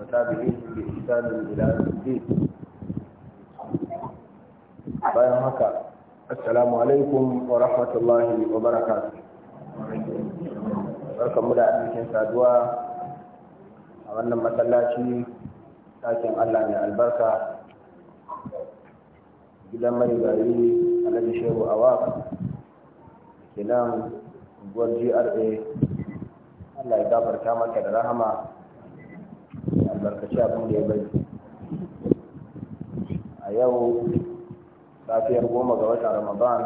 وتابعيهم بإحسان إلى الدين bayan haka assalamu alaikum wa rahmatullahi wa barakatuh barkanmu da arzikin saduwa a wannan masallaci dakin allah mai albarka gidan mai gari alhaji shehu awak ke nan unguwar gra allah ya gafarta maka da rahama ka ci abin da ya bari a yau safiyar goma ga watan ramadan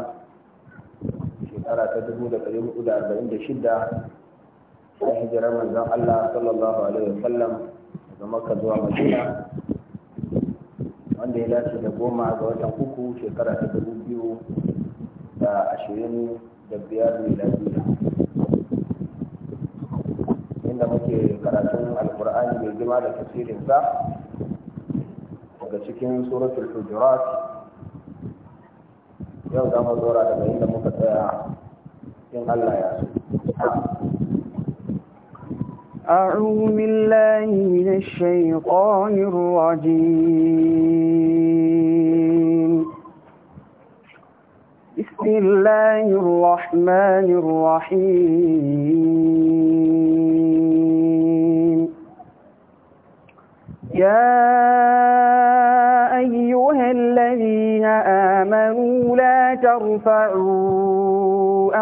shekara ta dubu da ɗari hudu da arba'in da shida ta hijirar manzon allah sallallahu alaihi wasallam daga makka zuwa madina wanda ya dace da goma ga watan uku shekara ta dubu biyu da ashirin da biyar miladiya inda muke karatun alkur'ani mai girma da tafsirin sa daga cikin suratul hujurat yau za mu zora daga inda muka tsaya in allah ya so أعوذ بالله من الشيطان الرجيم بسم الله الرحمن الرحيم يا أيها الذين آمنوا لا ترفعوا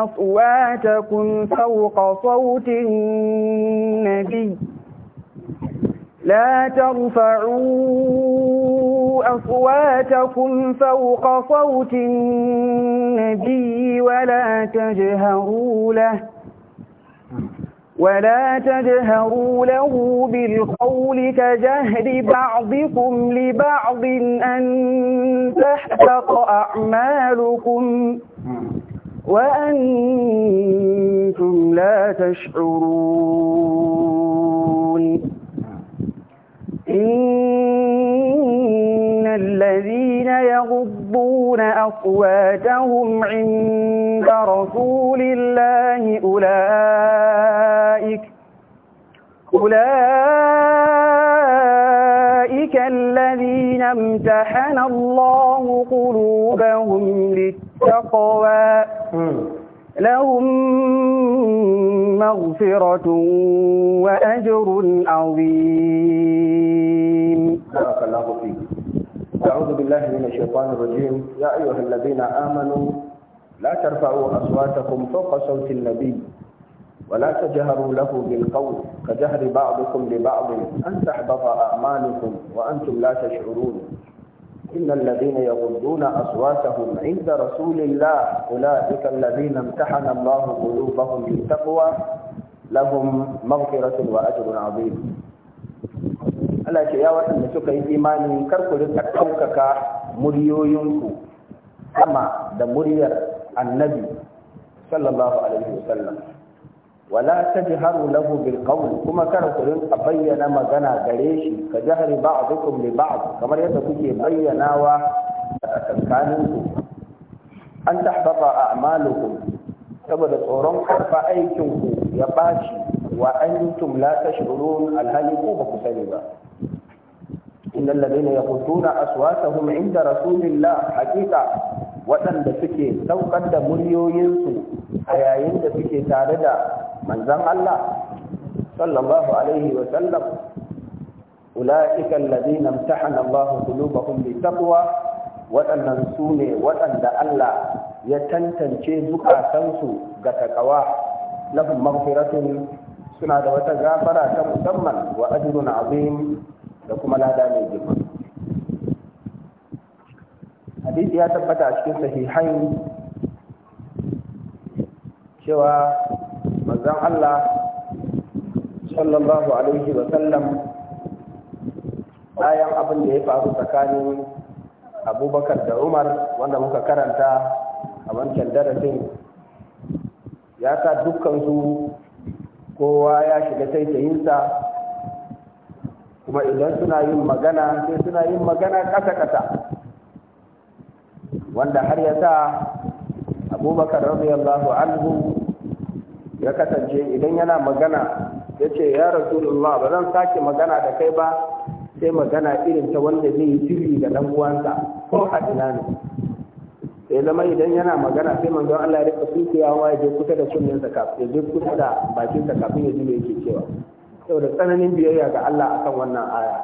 أصواتكم فوق صوت النبي لا ترفعوا أصواتكم فوق صوت النبي ولا تجهروا له ولا تجهروا له بالقول كجهر بعضكم لبعض أن تحتق أعمالكم وأنتم لا تشعرون إن الذين يغضون أصواتهم عند رسول الله أولئك أولئك الذين امتحن الله قلوبهم للتقوى لهم مغفرة وأجر عظيم بارك الله فيك أعوذ بالله من الشيطان الرجيم يا أيها الذين آمنوا لا ترفعوا أصواتكم فوق صوت النبي ولا تجهروا له بالقول كجهر بعضكم لبعض أن تحبط أعمالكم وأنتم لا تشعرون إن الذين يغضون أصواتهم عند رسول الله أولئك الذين امتحن الله قلوبهم بالتقوى لهم مغفرة وأجر عظيم Allah ce ya waɗanda suka yi imani kar ku rika ɗaukaka muryoyinku sama da muryar annabi sallallahu alaihi wasallam wala tajharu lahu bil qawl kuma kar ku rinka bayyana magana gare shi ka jahri ba'dukum li ba'd kamar yadda kuke bayyanawa a tsakaninku an tahbata a'malukum saboda tsoron karfa aikinku ya bashi, wa an yi tumla alhali ko ba ku sani ba إن الذين يقصون أصواتهم عند رسول الله حقيقة waɗanda suke saukar da muryoyinsu a yayin da suke tare da manzan Allah sallallahu alaihi wa sallam ula'ika alladhina imtahana Allah qulubahum bi taqwa waɗannan su ne waɗanda Allah ya tantance zukatansu ga takawa lahum maghfiratun suna da wata gafara ta musamman wa a azim da kuma lada mai girma hadisi ya tabbata a cikin sahihain cewa manzon Allah sallallahu alaihi wa sallam bayan abin da ya faru tsakanin abubakar da umar wanda muka karanta a wancan darasin ya sa dukkan su kowa ya shiga taitayinsa kuma idan suna yin magana sai suna yin magana kasa-kasa wanda har ya sa abubakar radiyallahu anhu ya kasance idan yana magana ya ce ya rasulullah ba zan sake magana da kai ba sai magana irin ta wanda zai yi sirri ga dan uwansa ko a ina ne sai zama idan yana magana sai manzon Allah ya rika sunkuyawa ya je kusa da kunnensa kafin ya je kusa da bakinsa kafin ya ji me yake cewa da tsananin biyayya ga Allah akan wannan aya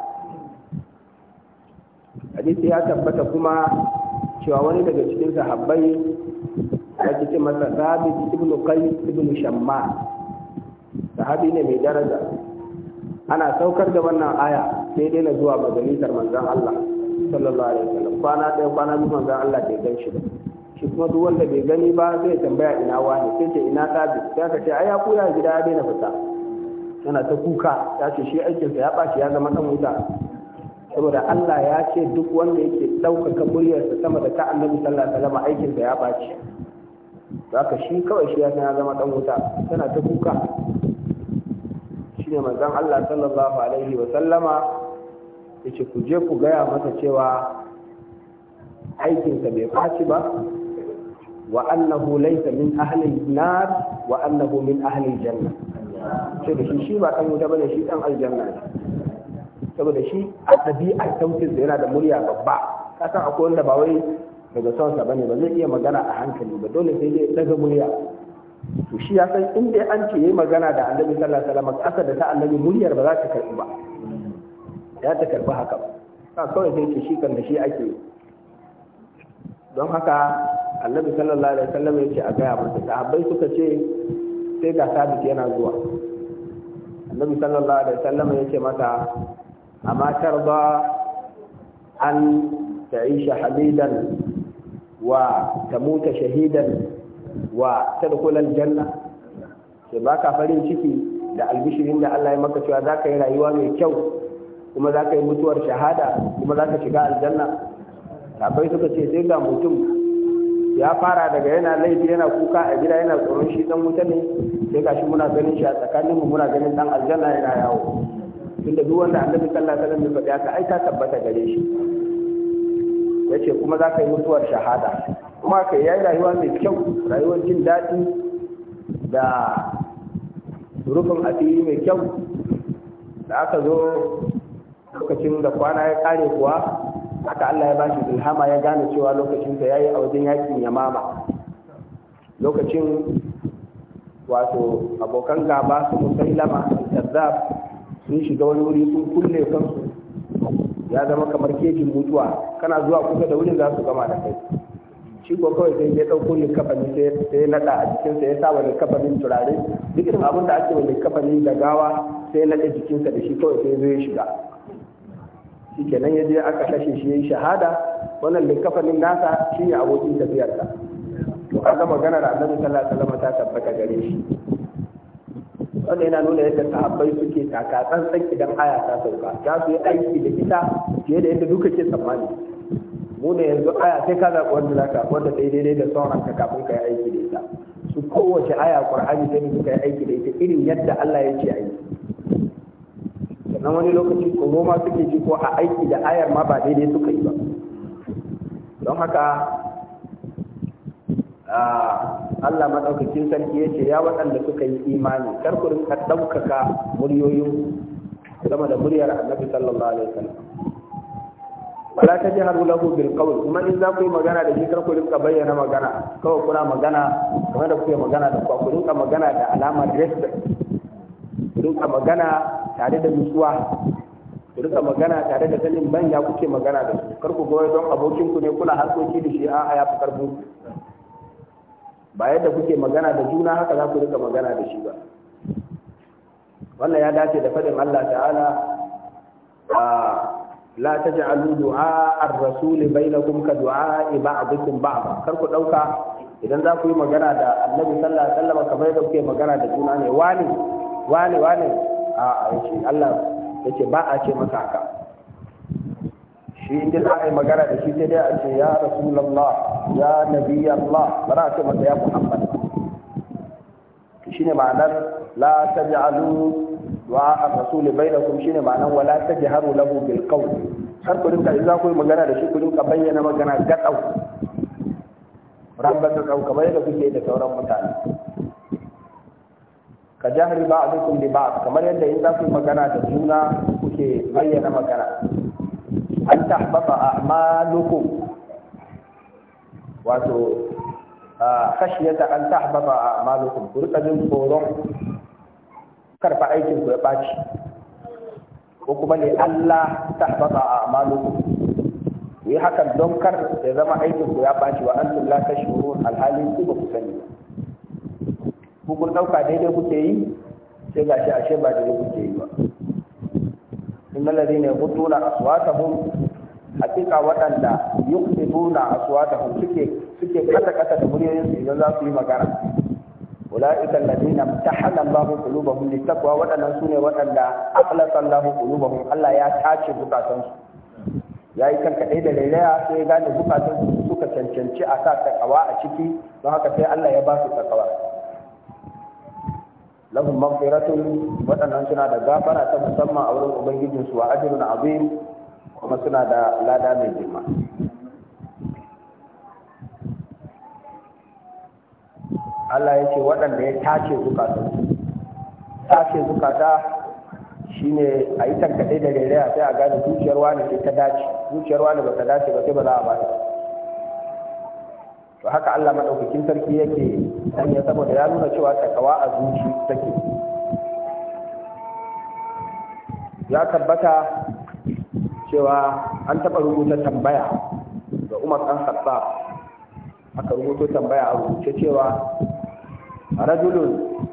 hadisi ya tabbata kuma cewa wani daga cikin sahabbai ya ce masa sahabi ibn qais ibn shamma sahabi ne mai daraja ana saukar da wannan aya sai dai na zuwa majalisar manzon Allah sallallahu alaihi wasallam kwana ɗaya kwana biyu manzon Allah bai gan shi ba shi kuma duk wanda bai gani ba zai tambaya ina wani sai ce ina sabi sai ka ce ai ya gida ya daina fita yana ta kuka ya ce shi aikinsa ya ɓaci ya zama ɗan wuta saboda Allah ya ce duk wanda yake ɗaukaka muryarsa sama da ta annabi sallallahu alaihi wasallam aikinsa ya ɓaci haka shi kawai shi ya san ya zama ɗan wuta tana ta kuka shine manzon Allah sallallahu alaihi wasallama yace ku je ku gaya masa cewa aikinsa bai ɓaci ba wa annahu laysa min ahli nar wa annahu min ahli janna Sai da shi shi ba kan wuta bane shi dan aljanna ne saboda shi a ɗabi'ar sautin da yana da murya babba ka san akwai wanda ba wai daga son sa bane ba zai iya magana a hankali ba dole sai dai daga murya to shi ya san in dai an ce yayi magana da Annabi sallallahu alaihi wasallam kasa da ta Annabi muryar ba za ta karbi ba ya ta karbi haka ba ka kawai sai ce shi kan da shi ake don haka Annabi sallallahu alaihi wasallam ya ce a gaya masa sahabbai suka ce sai ga sabit yana zuwa annabi sallallahu alaihi wasallam ce mata amma tarda an ta'isha hamidan wa tamuta shahidan wa tadkhul aljanna sai baka farin ciki da albishirin da Allah ya maka cewa zaka yi rayuwa mai kyau kuma zaka yi mutuwar shahada kuma zaka shiga aljanna sabai suka ce sai ga mutum ya fara daga yana laifi yana kuka a gida yana tsoron shi dan wuta ne sai gashi muna ganin shi a tsakanin mu muna ganin dan aljanna yana yawo tunda duk wanda annabi sallallahu alaihi wasallam ya faɗi tabbata gare shi yace kuma za ka yi mutuwar shahada kuma ka yi rayuwa mai kyau rayuwar jin daɗi da rufin asiri mai kyau da aka zo lokacin da kwana ya kare kuwa haka Allah ya shi ilhama ya gane cewa lokacin sa yayi a wajen yakin yamama lokacin wato abokan gaba su musailama al-kazzab sun shiga wani wuri sun kulle kansu ya zama kamar kejin mutuwa kana zuwa kusa da wurin za su gama da kai shi ko kawai sai ya ɗauko likafani sai ya naɗa a jikinsa ya sa wa likafanin turare duk irin abin da ake wa likafani da gawa sai ya naɗa jikinsa da shi kawai sai ya zo ya shiga shi kenan ya je aka kashe shi yi shahada wannan likafanin nasa shi ne abokin tafiyarsa to kaga maganar annabi sallallahu alaihi wasallam ta tabbata gare shi wannan yana nuna yadda sahabbai suke taka tsantsan idan aya ta sauka za su yi aiki da ita fiye da yadda duka ke tsammani mu ne yanzu aya sai ka zaɓi wanda za ka wanda daidai da sauran ka kafin ka yi aiki da ita su kowace aya ƙur'ani sai ne suka yi aiki da ita irin yadda Allah ya ce a sannan wani lokaci ko ma suke ji ko a aiki da ayar ma ba daidai suka yi ba don haka Allah maɗaukakin sarki ya ce ya waɗanda suka yi imani kar ka ɗaukaka muryoyin sama da muryar annabi sallallahu alaihi wasallam wala ta ji jihar lahu bil qawl kuma in za ku yi magana da shi karku rinka bayyana magana kawai kuna magana kuma da ku yi magana da ku ku rinka magana da alama respect rinka magana tare da nutsuwa ku rika magana tare da sanin manya kuke magana da su kar ku goyi don abokinku ne kula harkoki da shi a ya fi karfin ba yadda kuke magana da juna haka za ku rika magana da shi ba wannan ya dace da faɗin Allah ta'ala a la taj'alu du'a ar-rasul bainakum ka du'a ba'dukum ba'd kar ku dauka idan za ku yi magana da Annabi sallallahu alaihi wasallam kamar da kuke magana da juna ne wani wane wane a yake Allah ce ba a ce masa haka shi inda za a yi magana da shi sai dai a ce ya rasulullah ya nabi Allah ba za a ce masa ya muhammad shine ma'anar la taj'alu wa ar-rasul bainakum shine ma'anar wala tajharu lahu bil qawl har ku rinka idan ku yi magana da shi ku rinka bayyana magana gadau rabba ta ka bayyana kuke da sauran mutane ka jahri ba'dukum li ba kamar yadda in za magana da juna kuke bayyana magana an tahbata a'malukum wato yadda an a a'malukum ku rika jin tsoron karfa aikin ku ya ɓaci ko kuma ne Allah a tahbata ku yi hakan don kar ya zama aikin ku ya ɓaci wa antum la tashurun alhali ku ba ku sani ba ku kun dauka daidai kuke yi sai ga shi ashe ba daidai kuke yi ba innal ladina yaqutuna aswatahum hakika waɗanda yuqtibuna aswatahum suke suke kasa kasa da muryoyin su idan za su yi magana ulaika alladina imtahana Allahu qulubahum litaqwa waɗannan sune waɗanda akhlasa Allahu qulubahum Allah ya tace bukatansu ya yi kan ɗaya da lailaya sai ya gane su suka cancanci a sa takawa a ciki don haka sai Allah ya ba su takawa lahum maghfiratun waɗannan suna da gafara ta musamman a wurin su wa ajrun azim kuma suna da lada mai girma Allah ya ce waɗanda ya tace zukata tace zukata shine a yi tankaɗe da rere sai a gane zuciyar wani ta dace zuciyar wani ba ta dace ba sai ba za a ba to haka Allah madaukakin sarki yake sanya saboda ya nuna cewa takawa a zuci take ya tabbata cewa an taɓa rubuta tambaya ga Umar dan Khattab aka rubuto tambaya a rubuce cewa rajulun wa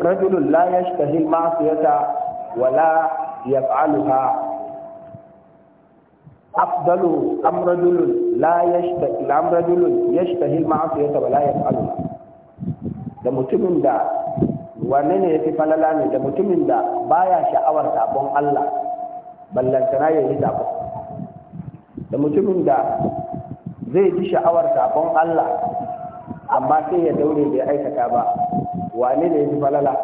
rajulun la yashtahi ma'siyata المعصية ولا يفعلها afdalu am la yashtahi am rajulun yashtahi al-ma'siyata wa la yaf'alu da mutumin da wanne ne yafi falala ne da mutumin da baya sha'awar sabon Allah ballantana ya yi sabon da mutumin da zai ji sha'awar sabon Allah amma sai ya daure bai aikata ba wane ne yafi falala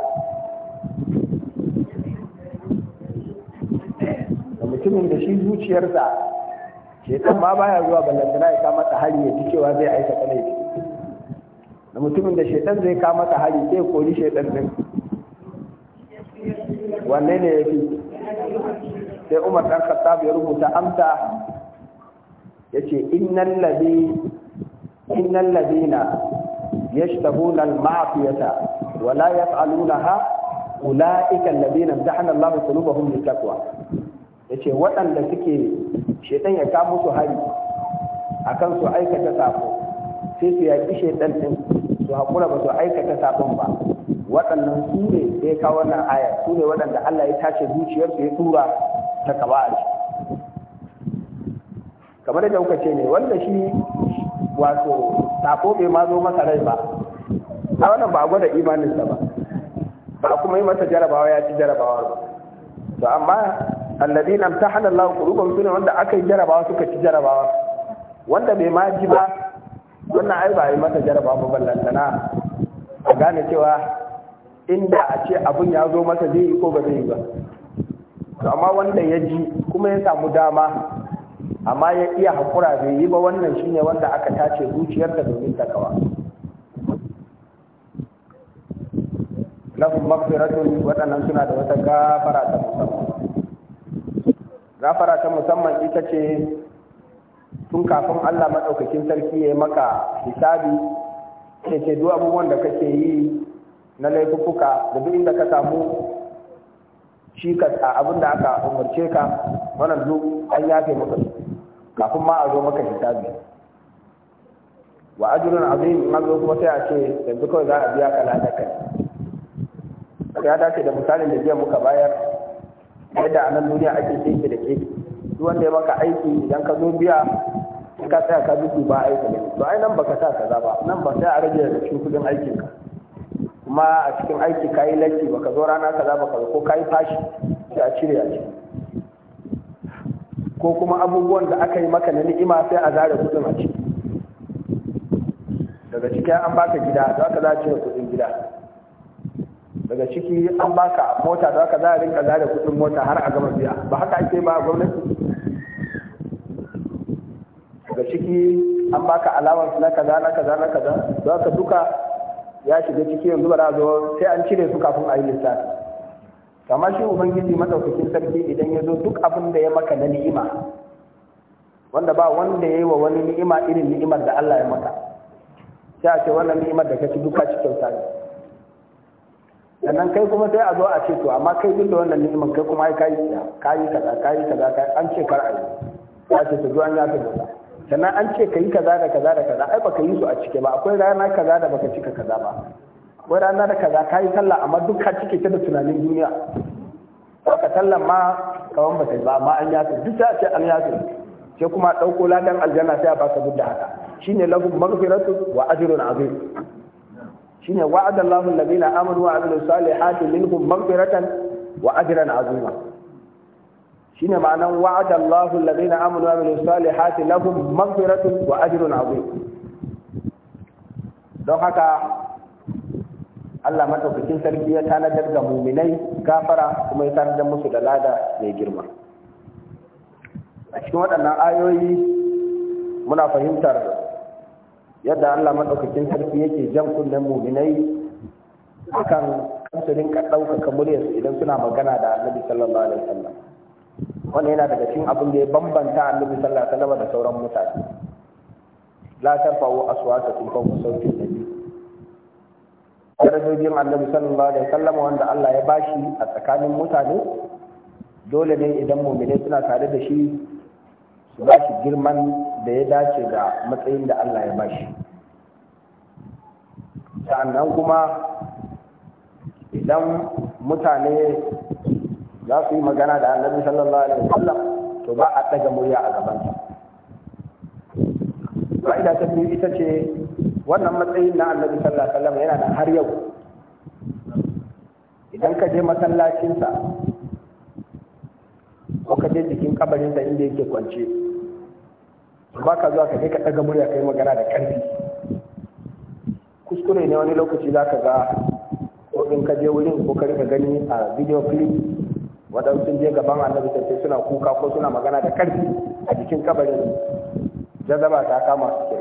da mutumin da shi zuciyarsa shaitan ma baya zuwa ballantana ya kama ta hari ya ji cewa zai aikata laifi da mutumin da shaitan zai kama ta hari sai koli shaitan din wanne ne ya fi sai umar dan khattab ya rubuta amsa ya ce innal ladhi innal ladina yashtahuna al-ma'siyata wa la yaf'alunaha ulaika alladhina imtahana Allahu qulubahum lit-taqwa ya ce waɗanda suke shaitan ya kamo su hari a kan su aikata safo sai su yaƙi shaitan ɗin su haƙura ba su aikata safon ba waɗannan su ne da ya kawo wannan aya su ne waɗanda Allah ya tace zuciyarsu ya tura ta kaba a ciki kamar da kuka ce ne wanda shi wato safo bai ma zo masa rai ba a wannan ba gwada imaninsa ba ba kuma yi masa jarabawa ya ci jarabawa ba to amma alladina amtahana Allahu qulubuhum sune wanda aka yi jarabawa suka ci jarabawa wanda bai ma ji ba wannan ai ba yi masa jarabawa ba ballantana a gane cewa inda a ce abun ya zo masa zai yi ko ba zai yi ba amma wanda ya ji kuma ya samu dama amma ya iya hakura bai yi ba wannan shine wanda aka tace zuciyar da domin takawa lahum maghfiratun waɗannan suna da wata gafara ta musamman gafara ta musamman ita ce tun kafin Allah maɗaukakin sarki ya yi maka hisabi ke ce duk abubuwan da kake yi na laifuka da duk inda ka samu cikas a abin da aka umarce ka wannan duk an yafe maka kafin ma a zo maka hisabi wa ajrun azim ma zo kuma sai a ce yanzu kawai za a biya ka kai. ya dace da misalin da jiya muka bayar yadda a nan duniya ake keke da keke duk wanda ya maka aiki idan ka zo biya ka tsaya ka duki ba aiki ne to ai nan baka sa kaza ba nan ba sai a rage da cikin kudin aikin ka kuma a cikin aiki ka yi latti baka zo rana kaza baka ko ka yi fashi sai a cire a ce ko kuma abubuwan da aka yi maka na ni'ima sai a zare kudin a ciki daga cikin an baka gida za ka za a cire kudin gida daga ciki an baka mota da aka zai a rinka zare kudin mota har a gama biya ba haka ake ba gwamnati daga ciki an baka alawar na kaza na kaza na kaza za ka duka ya shiga ciki yanzu ba za zo sai an cire su kafin a yi lissafi kama shi ubangiji madaukakin sarki idan ya zo duk abin da ya maka na ni'ima wanda ba wanda ya yi wa wani ni'ima irin ni'imar da Allah ya maka sai a ce wannan ni'imar da ka ci duka cikin sani sannan kai kuma sai a zo a ce to amma kai duk da wannan neman kai kuma ai kai kai kaza kai kaza kai an ce kar a yi ya ce to zo an ya ta kaza sannan an ce kai kaza da kaza da kaza ai baka yi su a cike ba akwai rana kaza da baka cika kaza ba akwai rana da kaza kai sallah amma duk ka cike ta da tunanin duniya baka sallan ma kawan ba sai ba amma an ya ta duk sai a ce an ya ta sai kuma ɗauko ladan aljanna sai a baka duk da haka shine lahu maghfiratu wa ajrun azim shine wa'ada Allahu alladhina amanu wa amilus salihati minhum maghfiratan wa ajran azima shine ma'anan wa'ada Allahu alladhina amanu wa amilus salihati lahum maghfiratun wa ajrun azim don haka Allah madaukakin sarki ya tanadar da muminai gafara kuma ya tanadar musu da lada mai girma a cikin waɗannan ayoyi muna fahimtar yadda Allah maɗaukakin sarki yake jan kunnen mu'minai akan kansu ka ɗaukaka muryarsu idan suna magana da annabi sallallahu alaihi wasallam wannan yana daga cikin abin da ya bambanta annabi sallallahu alaihi wasallam da sauran mutane la tarfa'u aswatakum fawqa sawti an-nabi darajojin annabi sallallahu alaihi wasallam wanda Allah ya bashi a tsakanin mutane dole ne idan mu'mini suna tare da shi su ba shi girman da ya dace da matsayin da Allah ya ba shi sannan kuma idan mutane za su yi magana da annabi sallallahu alaihi wasallam to ba a ɗaga murya a su fa'ida ta biyu ita ce wannan matsayin na annabi sallallahu alaihi wasallam yana da har yau idan ka je masallacinsa ko ka je jikin kabarin da inda yake kwance ba ka zuwa ka kai ka daga murya kai magana da karfi kuskure ne wani lokaci za ka ga ko in ka je wurin ko ka rika gani a video clip waɗansu sun je gaban annabi sai suna kuka ko suna magana da karfi a jikin kabarin jazaba ta kama su ke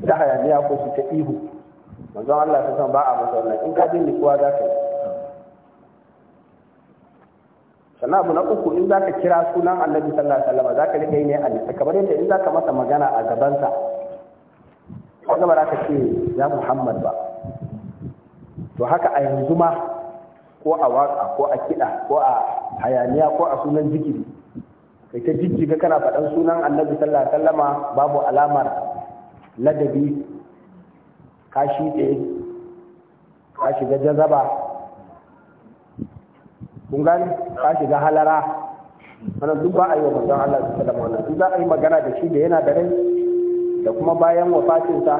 su ta hayaniya ko su ta ihu manzon Allah ya san ba a masa wannan in ka je ni kuwa za ka yi sannan abu na uku in zaka kira sunan annabi sallallahu alaihi wasallam zaka rike ne a lissa kamar yadda in zaka masa magana a gabansa wanda za ka ce ya Muhammad ba to haka a yanzu ma ko a waka ko a kida ko a hayaniya ko a sunan zikiri kai ta jijjiga kana faɗan sunan annabi sallallahu alaihi wasallam babu alamar ladabi kashi ka shiga jazaba kun ka shiga halara wannan duk ba a yi wa mutum Allah sallallahu alaihi wasallam duk za a yi magana da shi da yana da rai da kuma bayan wafatinsa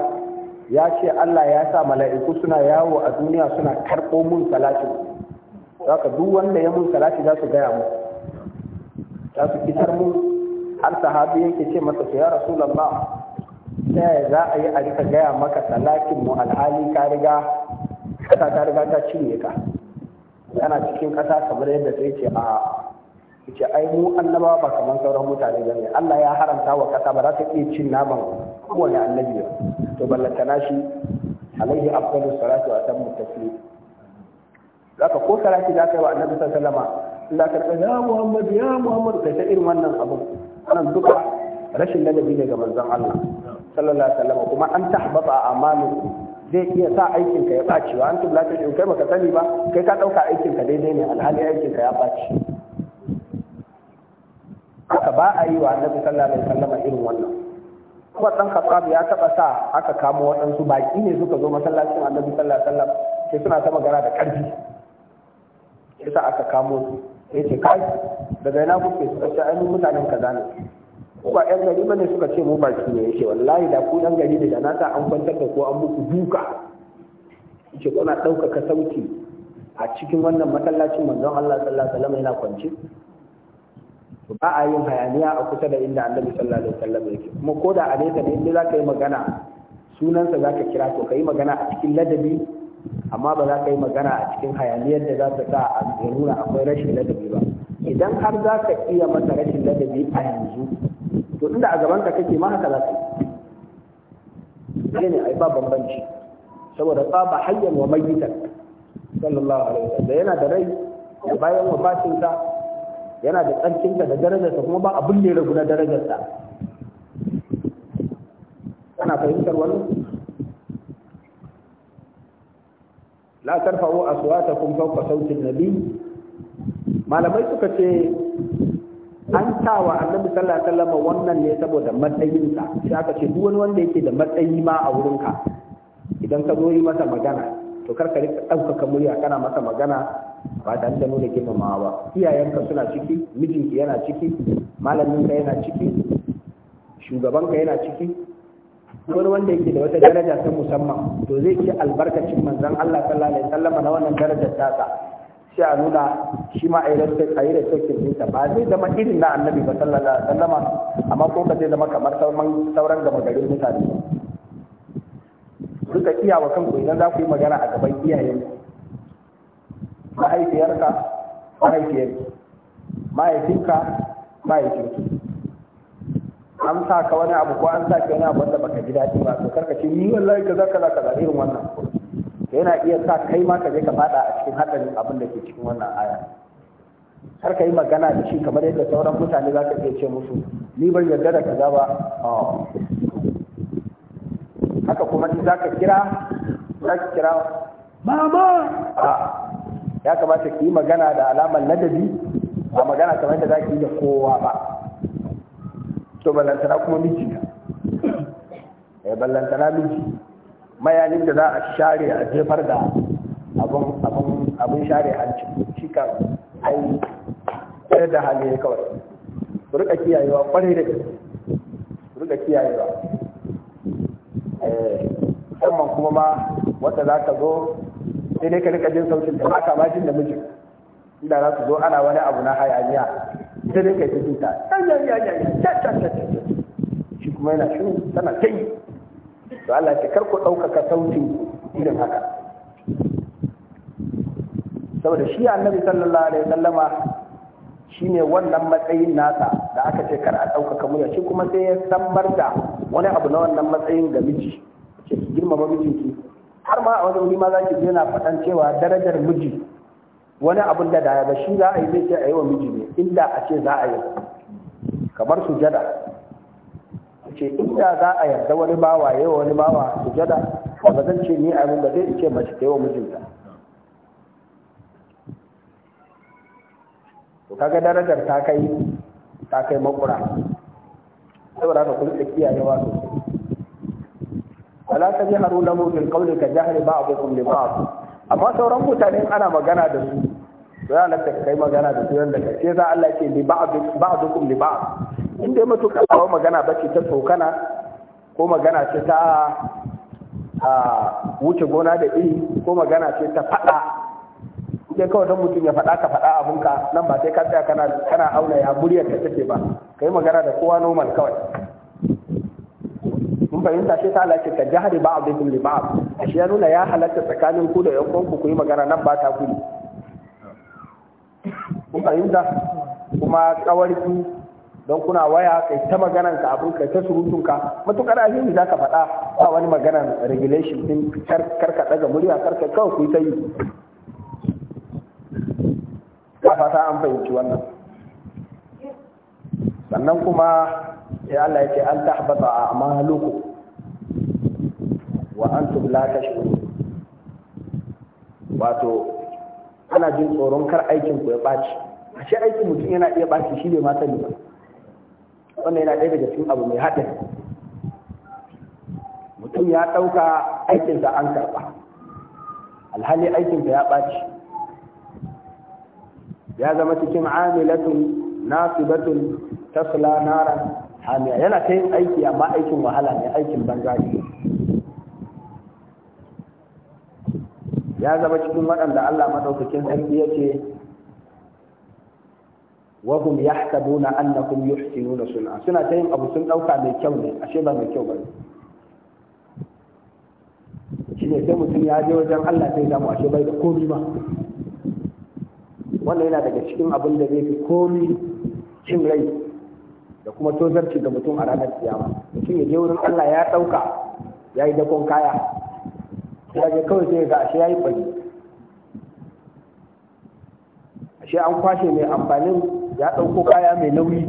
ya ce Allah ya sa mala'iku suna yawo a duniya suna karɓo mun salati ka duk wanda ya mun salati za su gaya mu za su kitar mu har sahabi yake ce masa ya rasulullah ta yaya za a yi a rika gaya maka salatin mu alhali ka riga ka riga ta cinye ka yana cikin ƙasa kamar yadda sai ce a ce ai mu annaba ba kamar sauran mutane ba ne Allah ya haramta wa ƙasa ba za ta iya cin naman kowane annabi ba to ballantana shi alaihi afdalu salatu wa tammu taslim zaka ko salati ka yi wa annabi sallallahu alaihi wasallam Allah ka ce ya Muhammad ya Muhammad kai ta irin wannan abu wannan duka rashin ladabi ne ga manzon Allah sallallahu alaihi wasallam kuma an tahbata amalin zai iya sa aikin ka ya ɓaci wa antum la tashurun kai maka sani ba kai ka ɗauka aikin ka daidai ne alhali aikin ka ya ɓaci haka ba a yi wa annabi sallallahu alaihi wasallam irin wannan kuma dan khattab ya taba sa aka kamo waɗansu baki ne suka zo masallacin annabi sallallahu alaihi wasallam sai suna ta magana da ƙarfi sai aka kamo su yace kai daga ina kuke suka ce ai mutanen kaza ne ko ba yan gari bane suka ce mu baki ne yake wallahi da ku dan gari da na an kwantar da ko an muku duka yake kuna ɗaukaka sauti a cikin wannan masallacin manzon Allah sallallahu alaihi wasallam yana kwance ba a yin hayaniya a kusa da inda annabi sallallahu alaihi wasallam yake kuma ko da a nesa ne inda za ka yi magana sunansa za ka kira to ka yi magana a cikin ladabi amma ba za ka yi magana a cikin hayaniyar da za ta sa a nuna akwai rashin ladabi ba idan har za ka iya masa rashin ladabi a yanzu to inda a gaban ka kake ma haka za ka yi ne ai ba bambanci saboda tsaba hayyan wa mayyita sallallahu alaihi wasallam da yana da rai da bayan wafatin ka yana da tsarkin da darajarsa kuma ba abun da ya na darajarsa kana fahimtar wannan la tarfa'u aswatakum fawqa an nabi malamai suka ce an wa annabi sallallahu alaihi wasallam wannan ne saboda matsayinsa sai aka ce duk wani wanda yake da matsayi ma a wurinka idan ka zo yi masa magana to karka rika ka murya kana masa magana ba tare da nuna girmamawa ba iyayenka suna ciki mijinki yana ciki malaminka yana ciki shugabanka yana ciki wani wanda yake da wata daraja ta musamman to zai ci albarkacin manzon Allah sallallahu alaihi wasallam na wannan darajar tasa sai a nuna shi ma a yi da ɗinsa ba zai zama irin na annabi ba sallallahu alaihi wasallama amma ko ka zai zama kamar sauran gama garin mutane duka iya wa kanku idan za ku yi magana a gaban iyayen mahaifiyarka mahaifiyarki mahaifinka mahaifinki an sa ka wani abu ko an sa ka wani abu wanda baka ji daɗi ba to karka ce ni wallahi ka za ka za ka irin wannan yana iya sa kai ma ka je ka fada a cikin haɗarin abin da ke cikin wannan aya har ka yi magana da shi kamar yadda sauran mutane za ka iya ce musu ni ban yarda da kaza ba oh. haka kuma in za ka kira za ka kira mama ah. ya kamata ki yi magana da alamar ladabi ba magana kamar da za ki yi da kowa ba to ballantana kuma miji ya eh, ballantana miji mayanin da za a share a jefar da abin share shi cikin ai tsaye da hali ne kawai su rika kiyayewa kwarai da gaske su rika kiyayewa eh, musamman kuma ma wata za ka zo sai dai ka rika jin sautin da ba ma jin da mijin inda za su zo ana wani abu na hayaniya sai dai ka yi ta ta ta ta ta ta shi kuma yana shi tana ta yi to Allah ce kar ku ɗaukaka sautin irin haka saboda shi annabi sallallahu alaihi wasallama shine wannan matsayin nasa da aka ce kar a ɗaukaka murya shi kuma sai ya sambar da wani abu na wannan matsayin ga miji ce ki girmama mijinki har ma a wani wuri ma za ki je na faɗan cewa darajar miji wani abun da da shi za a yi zai ce a yi wa miji ne Inda a ce za a yi kamar sujada ce inda za a yarda wani bawa yawa wani bawa jada ba zan ce ni abin da zai ce mace ta yi wa mijinta to kaga darajar ta kai ta kai makura saboda ka kullu kiyayewa sosai wala tajharu lahu bil qawli ka jahri ba li ba'd amma sauran mutane ana magana da su to ya halatta kai magana da su da kai za Allah ce li ba'dukum li ba'd in dai matuƙa ba magana bace ta tsokana ko magana ce ta a wuce gona da iri ko magana ce ta faɗa idan kawai don mutum ya faɗa ka faɗa ka nan ba sai ka tsaya kana kana auna ya muryar ka take ba kai magana da kowa normal kawai mun fahimta sai ta halatta ka jahari ba'd abin li ba'd ashe ya nuna ya halatta tsakanin ku da yan ku yi magana nan ba ta kuli kun fahimta kuma kawarki don kuna waya kai ta maganan ka abun kai ta surutun ka matukar ahimi za ka faɗa ba wani maganan regulation din karka daga murya karka kawai ku ta yi ba fata an fahimci wannan sannan kuma ya Allah yake an tahbata a amaluku wa antum la tashurun wato ana jin tsoron kar aikin ku ya ɓaci a ce aikin mutum yana iya ɓaci shi ne ma sani ba wannan yana ɗaya daga cikin abu mai haɗin mutum ya ɗauka aikinsa an karɓa alhali aikinsa ya ɓaci ya zama cikin amilatun nasibatun tasla Nara, hamiya yana ta yin aiki amma aikin wahala ne aikin banza ya zama cikin waɗanda Allah maɗaukakin sarki yake wa hum yahtabuna annakum yuhsinuna sun'a suna ta yin abu sun ɗauka mai kyau ne ashe ba mai kyau ba bane shine sai mutum ya je wajen Allah sai ya ashe bai da komi ba wannan yana daga cikin abin da zai fi komi, cin rai da kuma tozarci ga mutum a ranar kiyama mutum ya je wurin Allah ya ɗauka ya yi dakon kaya ya je kawai sai ga ashe yayi bari ashe an kwashe mai amfanin ya ɗauko kaya mai nauyi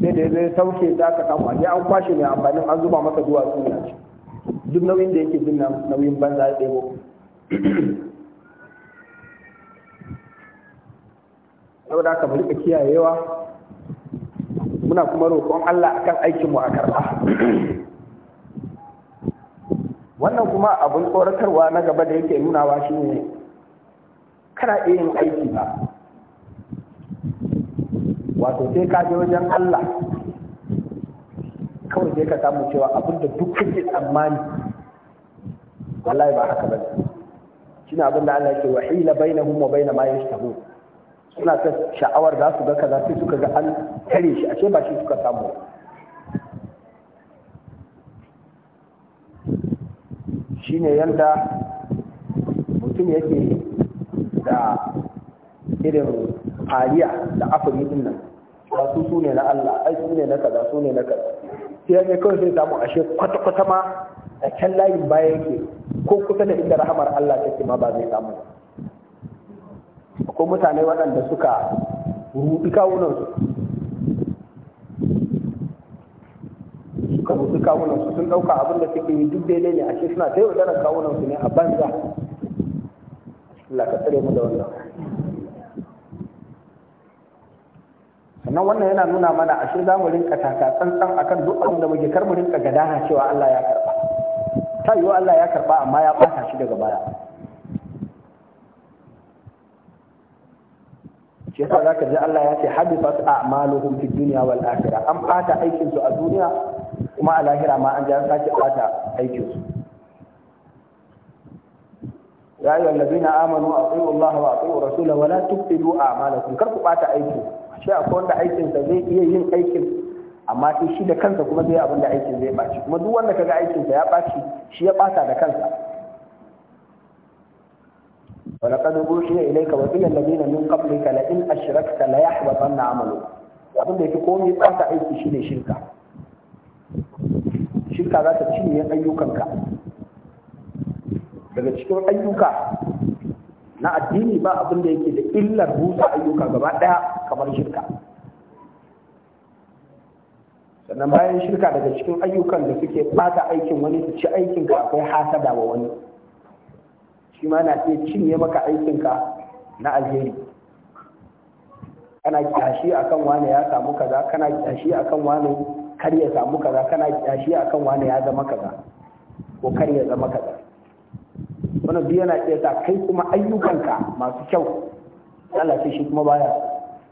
sai da zai sauke za ka samu ya an kwashe mai amfanin an zuba masa duwatsu ne a duk nauyin da yake jin nauyin banza ya ɗebo saboda da aka rika kiyayewa muna kuma roƙon Allah akan aikinmu a karɓa wannan kuma abin tsoratarwa na gaba da yake nunawa shi ne kana iya yin aiki ba wato sai ka je wajen Allah kawai sai ka samu cewa abin da duk kake tsammani wallahi ba haka ba shine abin da Allah yake wahila bainahum wa bain ma yashtahu suna ta sha'awar za su ga kaza sai suka ga an tare shi ashe ba shi suka samu shine yadda mutum yake da irin fariya da afirin din nan ba su su na Allah ai su ne na kaza su ne na kaza sai kai kawai sai samu ashe kwata kwata ma a can layin baya yake ko kusa da inda rahamar Allah take ma ba zai samu ko mutane waɗanda suka rubi kawunan su rubutu kawunan su sun ɗauka abin da suke yi duk daidai ne a shi suna ta yi kawunan su ne a banza Allah tsare mu da wannan sannan wannan yana nuna mana ashe za mu rinka taka tsantsan akan duk abin da muke kar mu rinka gadana cewa Allah ya karba ta yiwu Allah ya karba amma ya ɓata shi daga baya shi yasa ka ji Allah ya ce hadithat a'maluhum fid dunya wal akhirah an fata aikin su a duniya kuma a lahira ma an jan sake bata su ya yi wallabi na amanu a tsaye Allah wa tsaye rasula wala tubtilu a'malakum kar ku bata aiki shi akwai wanda aikinsa zai iya yin aikin amma sai shi da kansa kuma zai abin da aikin zai baci kuma duk wanda kaga aikinsa ya baci shi ya bata da kansa ولقد أوحي إليك وإلى الذين من قبلك لئن أشركت ليحبطن عملك abin da yake komai ɓata aiki shi ne shirka shirka za ta cinye ayyukanka daga cikin ayyuka na addini ba abin da yake da illar busa ayyuka gaba ɗaya kamar shirka sannan bayan shirka daga cikin ayyukan da suke ɓata aikin wani su ci aikinka akwai hasada wa wani shi ma na iya cinye maka aikinka na alheri kana kyashi akan wane ya samu kaza kana kyashi akan wane kar ya samu kaza kana kyashi akan wani ya zama kaza ko kar ya zama kaza wannan duk yana iya sa kai kuma ayyukanka masu kyau Allah ce shi kuma baya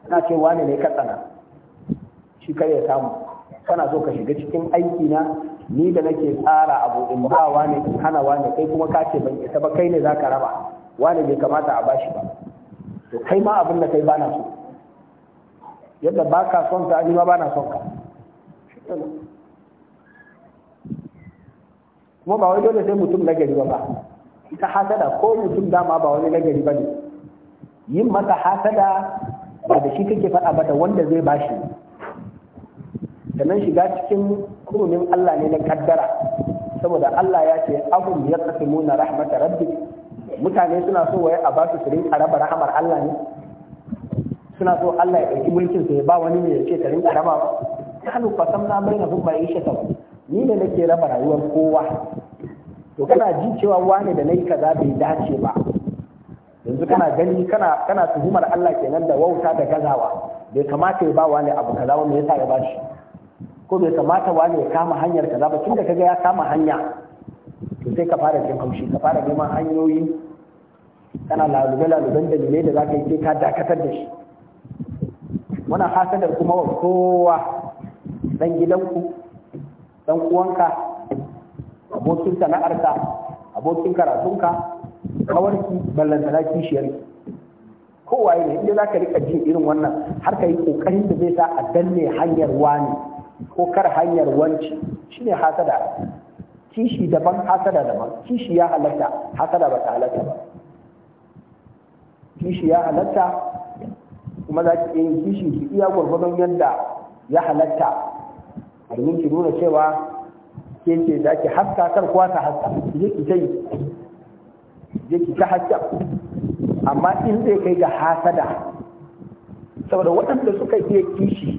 na ce wani ne ka tsana shi kar ya samu kana so ka shiga cikin aiki na ni da nake tsara abu in ba wani in hana wani kai kuma ka ce ban isa ba kai ne zaka raba wani bai kamata a bashi ba to kai ma abin da kai bana so yadda ba ka son ta ni ma bana son ka kuma ba wani dole sai mutum gari ba ita hasada ko mutum dama ba wani gari ba ne yin masa hasada ba da shi kake faɗa ba da wanda zai bashi sannan shiga cikin kurumin Allah ne na kaddara saboda Allah ya ce abun ya kasimu muna rahmatar rabbi mutane suna so waye a basu su rinka raba rahamar Allah ne suna so Allah ya ɗauki mulkin su ya ba wani ne ya ce ta rinka raba na nahnu qasamna bainahum ma'ishatan ni ne nake raba rayuwar kowa to kana ji cewa wane da nayi kaza bai dace ba yanzu kana gani kana kana tuhumar Allah kenan da wauta da gazawa bai kamata ya ba wani abu kaza ba me yasa ya bashi ko bai kamata wani ya kama hanyar kaza ba tunda kaga ya kama hanya to sai ka fara jin haushi ka fara neman hanyoyi kana lalube laluben dalilai da za ka yi sai ka dakatar da shi Muna hasadar kuma wa kowa dan gidanku dan uwanka abokin sana'arka abokin karatunka kawarki ballantana kishiyarki waye ne inda za ka rika jin irin wannan har ka yi kokarin da zai sa a danne hanyar wani ko kar hanyar wanci shine hasada kishi daban hasada daban kishi ya halatta hasada ba ta halatta ba kishi ya halatta kuma za ki yin kishi ki iya gwargwadon yadda ya halatta domin ki nuna cewa ke ce za ki haska kar kuwa ta haska ki je ki ta yi je ki ta haska amma in zai kai ga hasada saboda waɗanda suka iya kishi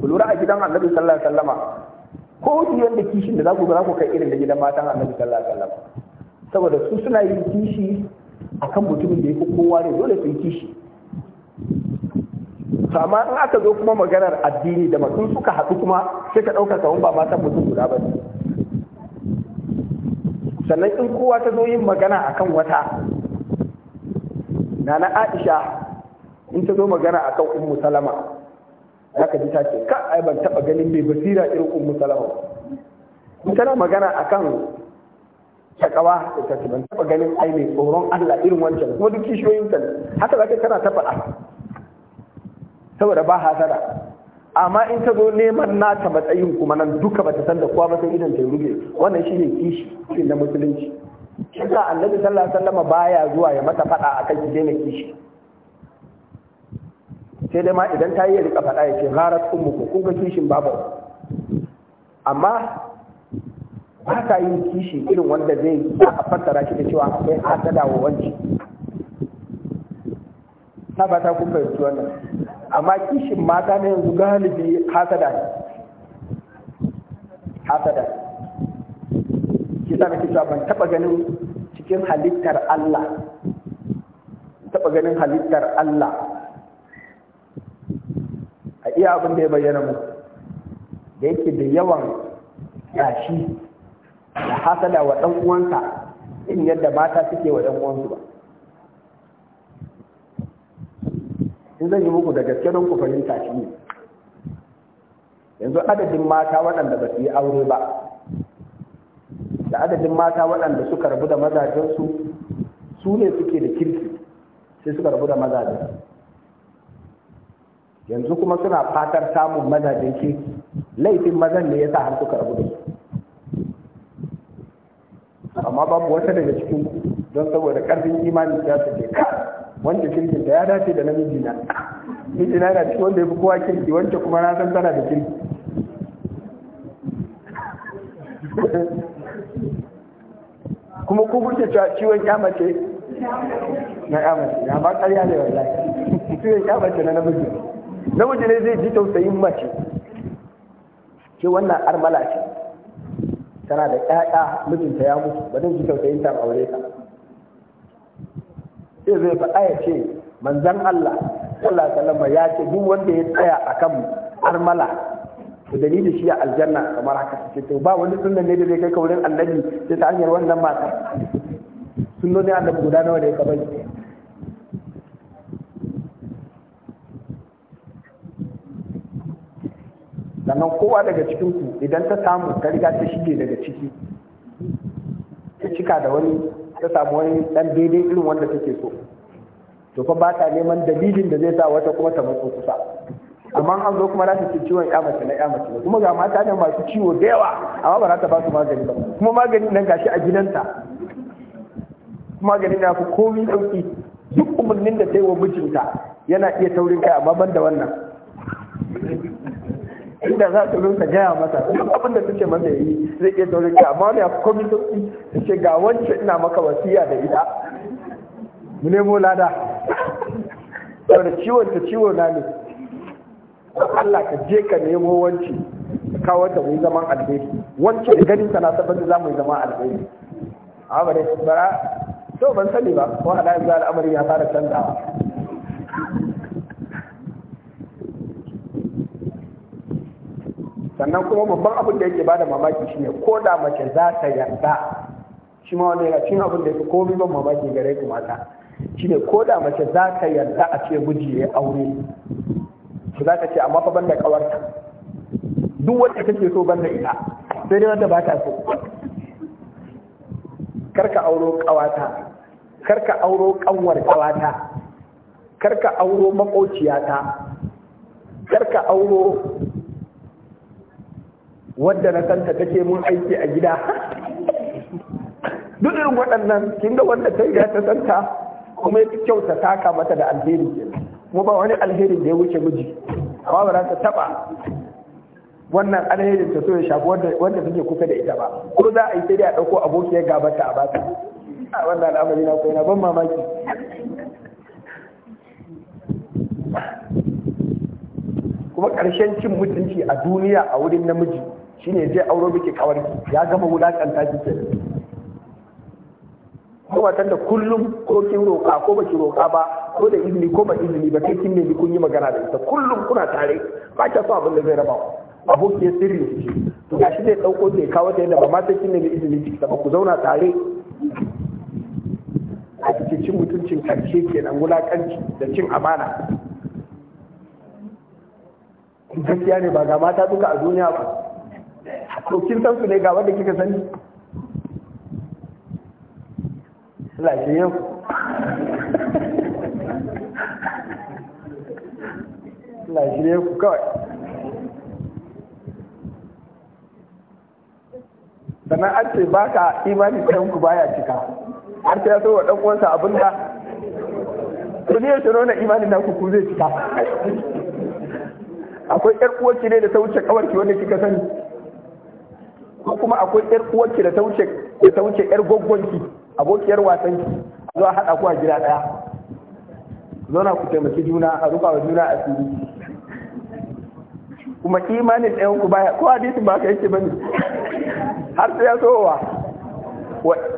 ku lura a gidan annabi sallallahu alaihi wasallama ko iyon da kishin da za ku za ku kai irin da gidan matan annabi sallallahu alaihi wasallama saboda su suna yin kishi akan mutumin da yake kowa ne dole su yi kishi to amma in aka zo kuma maganar addini da mutum suka haɗu kuma sai ka ɗauka kawun ba matan mutum guda ba sannan in kowa ta zo yin magana akan wata nana Aisha in ta zo magana akan Ummu Salama ka ji ta ce ka ai ban taɓa ganin mai basira irin Ummu Salama in tana magana akan shakawa da ta ban ganin ai mai tsoron Allah irin wancan kuma duk kishiyoyin ta haka zaka kana ta faɗa saboda ba hasara amma in ta zo neman nata matsayin kuma nan duka bata san da kowa ba sai idan ta ruge wannan shine kishi shi na musulunci shi ka annabi sallallahu alaihi wasallam baya zuwa ya mata fada akan ki kishi sai dai ma idan ta yi ya rika fada ya ce gharat ko kun ga kishin babu amma ba ta yin kishi irin wanda zai a fassara shi da cewa akwai hasada wa wanci ta kun fahimci wannan amma kishin mata na yanzu galibi hasada ne hasada Ke sami nake cewa ban taba ganin cikin halittar Allah taba ganin halittar Allah a iya abin da ya bayyana mu da yake da yawan yashi da hasada wa ɗan uwansa in yadda mata suke wa ɗan uwansu ba in zan yi muku da gaske don ku fahimta shi ne yanzu adadin mata waɗanda ba su yi aure ba da adadin mata waɗanda suka rabu da mazajensu su ne suke da kirki sai suka rabu da mazajensu yanzu kuma suna fatar samun mazajen kirki laifin mazan ne ya sa har suka rabu da su amma babu wata daga cikin don saboda ƙarfin imani ya su ke ka wanda kirkin da ya dace da namiji na miji na na cikin wanda ya fi kowa kirki wanda kuma na san tana da kirki kuma ku kuke cewa ciwon kyamace na kyamace ya ba karya ne wallahi ciwon kyamace na namiji namiji ne zai ji tausayin mace ce wannan armala ce tana da ƴaƴa mijinta ya mutu ba zan ji tausayin ta aure ta. sai zai faɗa ya ce manzan Allah sallallahu alaihi ya ce duk wanda ya tsaya akan armala to da ni da shi a aljanna kamar haka ce to ba wani sunan ne da zai kai kaurin annabi sai ta hanyar wannan mata ne annabi guda nawa ne ka bari sannan kowa daga cikinku idan ta samu ta riga ta shige daga ciki ta cika da wani ta samu wani ɗan daidai irin wanda take so to fa ba ta neman dalilin da zai sa wata kuma ta matso kusa amma an zo kuma za ta ce ciwon ya mace na ya mace kuma ga mata ne masu ciwo da yawa amma ba za ta ba su magani ba kuma maganin nan gashi a gidanta magani na fi komi sauki duk umarnin da ta yi wa mijinta yana iya taurin kai amma ban da wannan inda za ta zo ka gaya masa duk abin da suke masa yi zai iya saurin ka amma wani a komai sauki su ce ga wancan ina maka wasiya da ita mu nemo lada saboda ciwon ta ciwo na ne Allah ka je ka nemo wanci ka kawo ta mu zaman alheri wancan da ganin ta na tabbata za mu yi zaman alheri amma dai bara to ban sani ba ko ala yanzu al'amari ya fara canzawa sannan kuma babban abin da yake bada mamaki shine ko da mace za ta yarda shi ma wani yana cin abin da yake komai ban mamaki gare ku mata shine ko da mace za ta yarda a ce miji ya aure to za ka ce amma fa banda kawarta duk wanda kake so banda ita sai dai wanda ba ta so karka auro kawata karka auro kanwar kawata karka auro makociyata karka auro wadda na santa take mun aiki a gida duk irin waɗannan kin ga wanda ta ya ta santa kuma ya kyauta taka mata da alheri ke. kuma ba wani alheri da ya wuce miji amma ba za ta taba wannan alherin ta so ya shafi wanda suke kusa da ita ba ko za a yi sai dai a ɗauko abokiyar gabata a bata a wannan al'amari na kai na ban mamaki kuma ƙarshen cin mutunci a duniya a wurin namiji ne zai auro miki kawarki ya gama wulakanta ki ke ko da kullum ko kin roƙa ko baki roƙa ba ko da izini ko ba izini ba kai kin bi kun yi magana da ita kullum kuna tare ba ki so abin da zai raba ya sirri to shi zai ɗauko zai kawo ta yadda ba ma sai kin bi izini ki ba ku zauna tare a cikin cin mutuncin karshe kenan wulakanci da cin amana gaskiya ne ba ga mata duka a duniya ba to kin san su ne ga wanda kika sani lafiya yau lafiya ku kawai sannan an ce ba ka imani ku baya cika har ta yaso wa ɗan'uwansa abin da duniyar ta nuna imanin na ku zai cika akwai ƴar uwarki ne da ta wuce kawarki wanda kika sani ko kuma akwai yar uwarki da ta wuce da ta yar goggonki abokiyar wasanki zo a haɗa ku a gida ɗaya na ku taimaki juna a rufa wa juna asiri kuma imanin ɗayan ku baya ko hadisin ba ka yake bane har sai ya so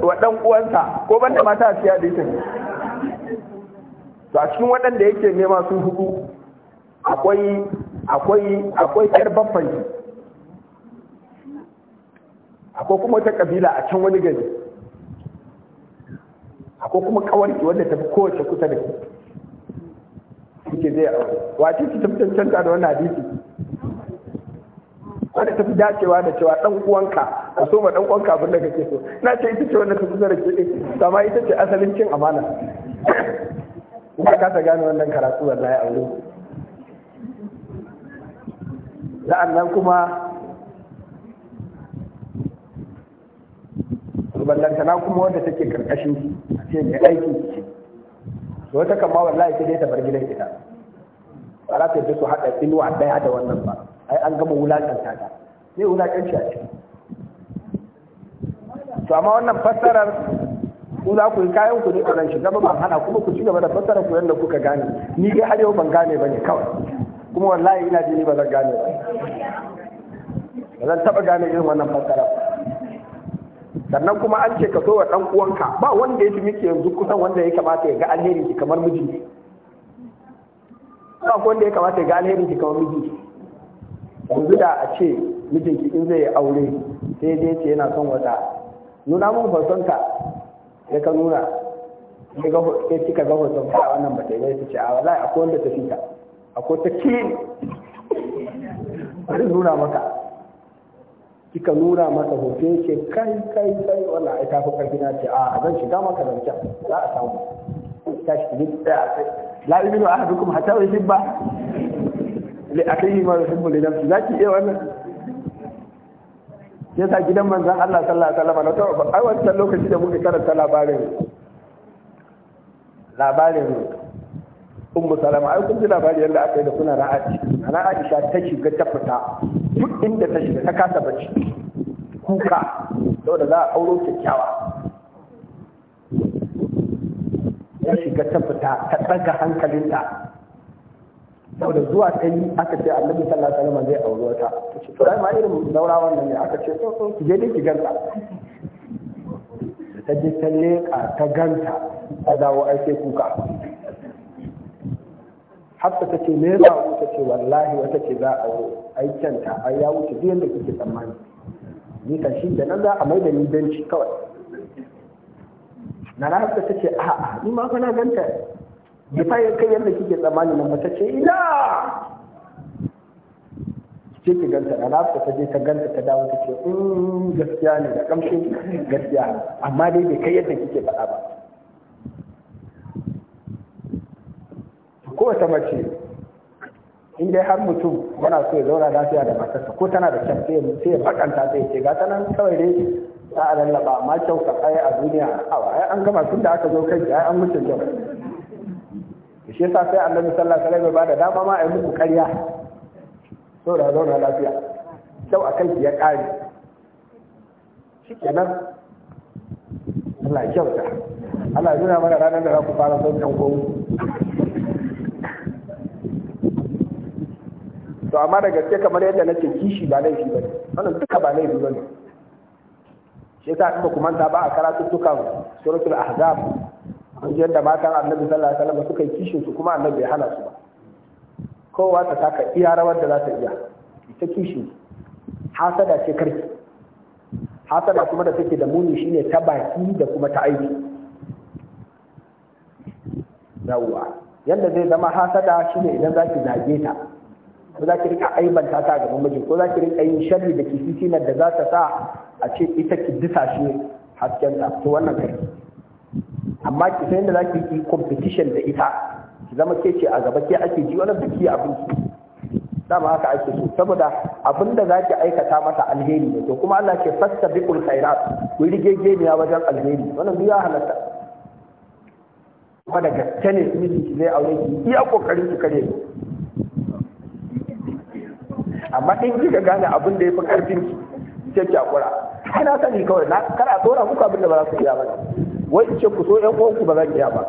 wa ɗan uwansa ko ban da mata a siya hadisin to a cikin waɗanda yake nema sun hudu akwai akwai akwai yar babban akwai kuma wata kabila a can wani gari akwai kuma kawarki wanda tafi kowace kusa da ke zai aure wace su tafi cancanta da wannan hadisi wanda tafi dacewa da cewa dan uwanka ka so ma dan uwanka abin da kake so na ce ita ce wanda ta kusa da ke ɗin sama ita ce asalin cin amana ka kasa gane wannan karatu wallahi aure sa'an nan kuma ballanta na kuma wanda take karkashin su a ce mai aiki ce to wata kan ma wallahi sai dai ta bar gidan ita ba za ta yi su haɗa inuwa ɗaya da wannan ba ai an gama wulaƙanta ta sai wulaƙanci a ce. to amma wannan fassarar ku za ku yi kayan ku ne a nan shiga ban hana kuma ku ci gaba da fassarar ku yadda kuka gane ni dai har yau ban gane ba ne kawai kuma wallahi ina jini ba zan gane ba ba zan taɓa gane irin wannan fassarar sannan kuma an ce ka so wa ɗan uwanka ba wanda ya fi miki yanzu kusan wanda ya kamata ya ga alherin ki kamar miji ba wanda ya kamata ya ga alherin ki kamar miji yanzu da a ce mijinki in zai aure sai dai ce yana son wata nuna mun fasonta sai ka nuna sai kika ga hoton ka wannan ba ta yi ta ce a wallahi akwai wanda ta fita akwai ta Ba bari nuna maka kika nuna maka hoto yake kai kai kai wallahi ai tafi karfi na ce a zan shiga maka zancen za a samu ta shi ne la yuminu ahadukum hatta shibba li akhihi ma yuhibbu li nafsi zaki iya wannan yasa gidan manzon Allah sallallahu alaihi wasallam ta ai wannan lokaci da muke karanta labarin labarin ummu salama ai kun ji labarin yadda aka yi da kuna ra'ayi aisha ta shiga ta fita duk inda ta shiga ta kasa bacci kuka saboda za a auro kyakkyawa ya shiga ta fita ta ɗaga hankalinta saboda zuwa ta yi aka ce annabi sallallahu alaihi wasallam zai auri wata ta ce to ma irin daura wannan ne aka ce to ki je dai ki ganta ta je ta leƙa ta ganta ta dawo aiki kuka hatta ta ce me yasa ta ce wallahi wata ce za a aure ai kyanta ai ya wuce duk yadda kike tsammani ni kan shi da nan za a maida ni benci kawai na na haka ta ce a'a ni ma fa na ganta ya fa kai yadda kike tsammani nan ta ce ina ce ki ganta na haka ta je ta ganta ta dawo ta ce in mm, gaskiya ne da kamshin gaskiya amma dai bai kai yadda kike faɗa ba kowace mace in dai har mutum yana so ya zauna lafiya da matarsa ko tana da kyan sai ya bakanta sai ya ce gata nan kawai dai za a lallaba amma kyau ka tsaye a duniya awa ai an gama tun da aka zo kai ai an mutu kyau shi yasa sai annabi sallallahu alaihi wasallam ya bada dama ma ai muku ƙarya so da zauna lafiya kyau akan ki ya ƙare shikenan Allah kyauta Allah nuna mana ranar da za ku fara son kan to amma da gaske kamar yadda nake kishi ba laifi bane wannan duka ba laifi bane shi yasa in kuma ta ba a karatuttukan suratul ahzab kun yadda matan annabi sallallahu alaihi wasallam suka yi kishin su kuma annabi bai hana su ba kowa ta taka iya rawar da za ta iya ita kishi hasada ce karki hasada kuma da take da muni shine ta baki da kuma ta aiki yawwa yadda zai zama hasada shine idan zaki zage ta ko za ki rika aibanta ta gaban mijin ko za ki rika yin sharri da kisisinar da za ta sa a ce ita ki dusa shi ta? to wannan kai amma ki san da za ki yi competition da ita ki zama ke ce a gaba ke ake ji wannan biki abin ki dama haka ake so saboda abin da za ki aikata masa alheri ne to kuma Allah ke fasta bikul khairat ku ya wajen alheri wannan duk ya halatta kuma daga gaske ne miji ki zai aure ki iya kokarin ki kare amma in kika gane abin da ya fi karfin ki sai ki hakura kana sani kawai na kana tsora muku abin da ba za ku iya ba wai in ce ku so ƴan uwanku ba za ki iya ba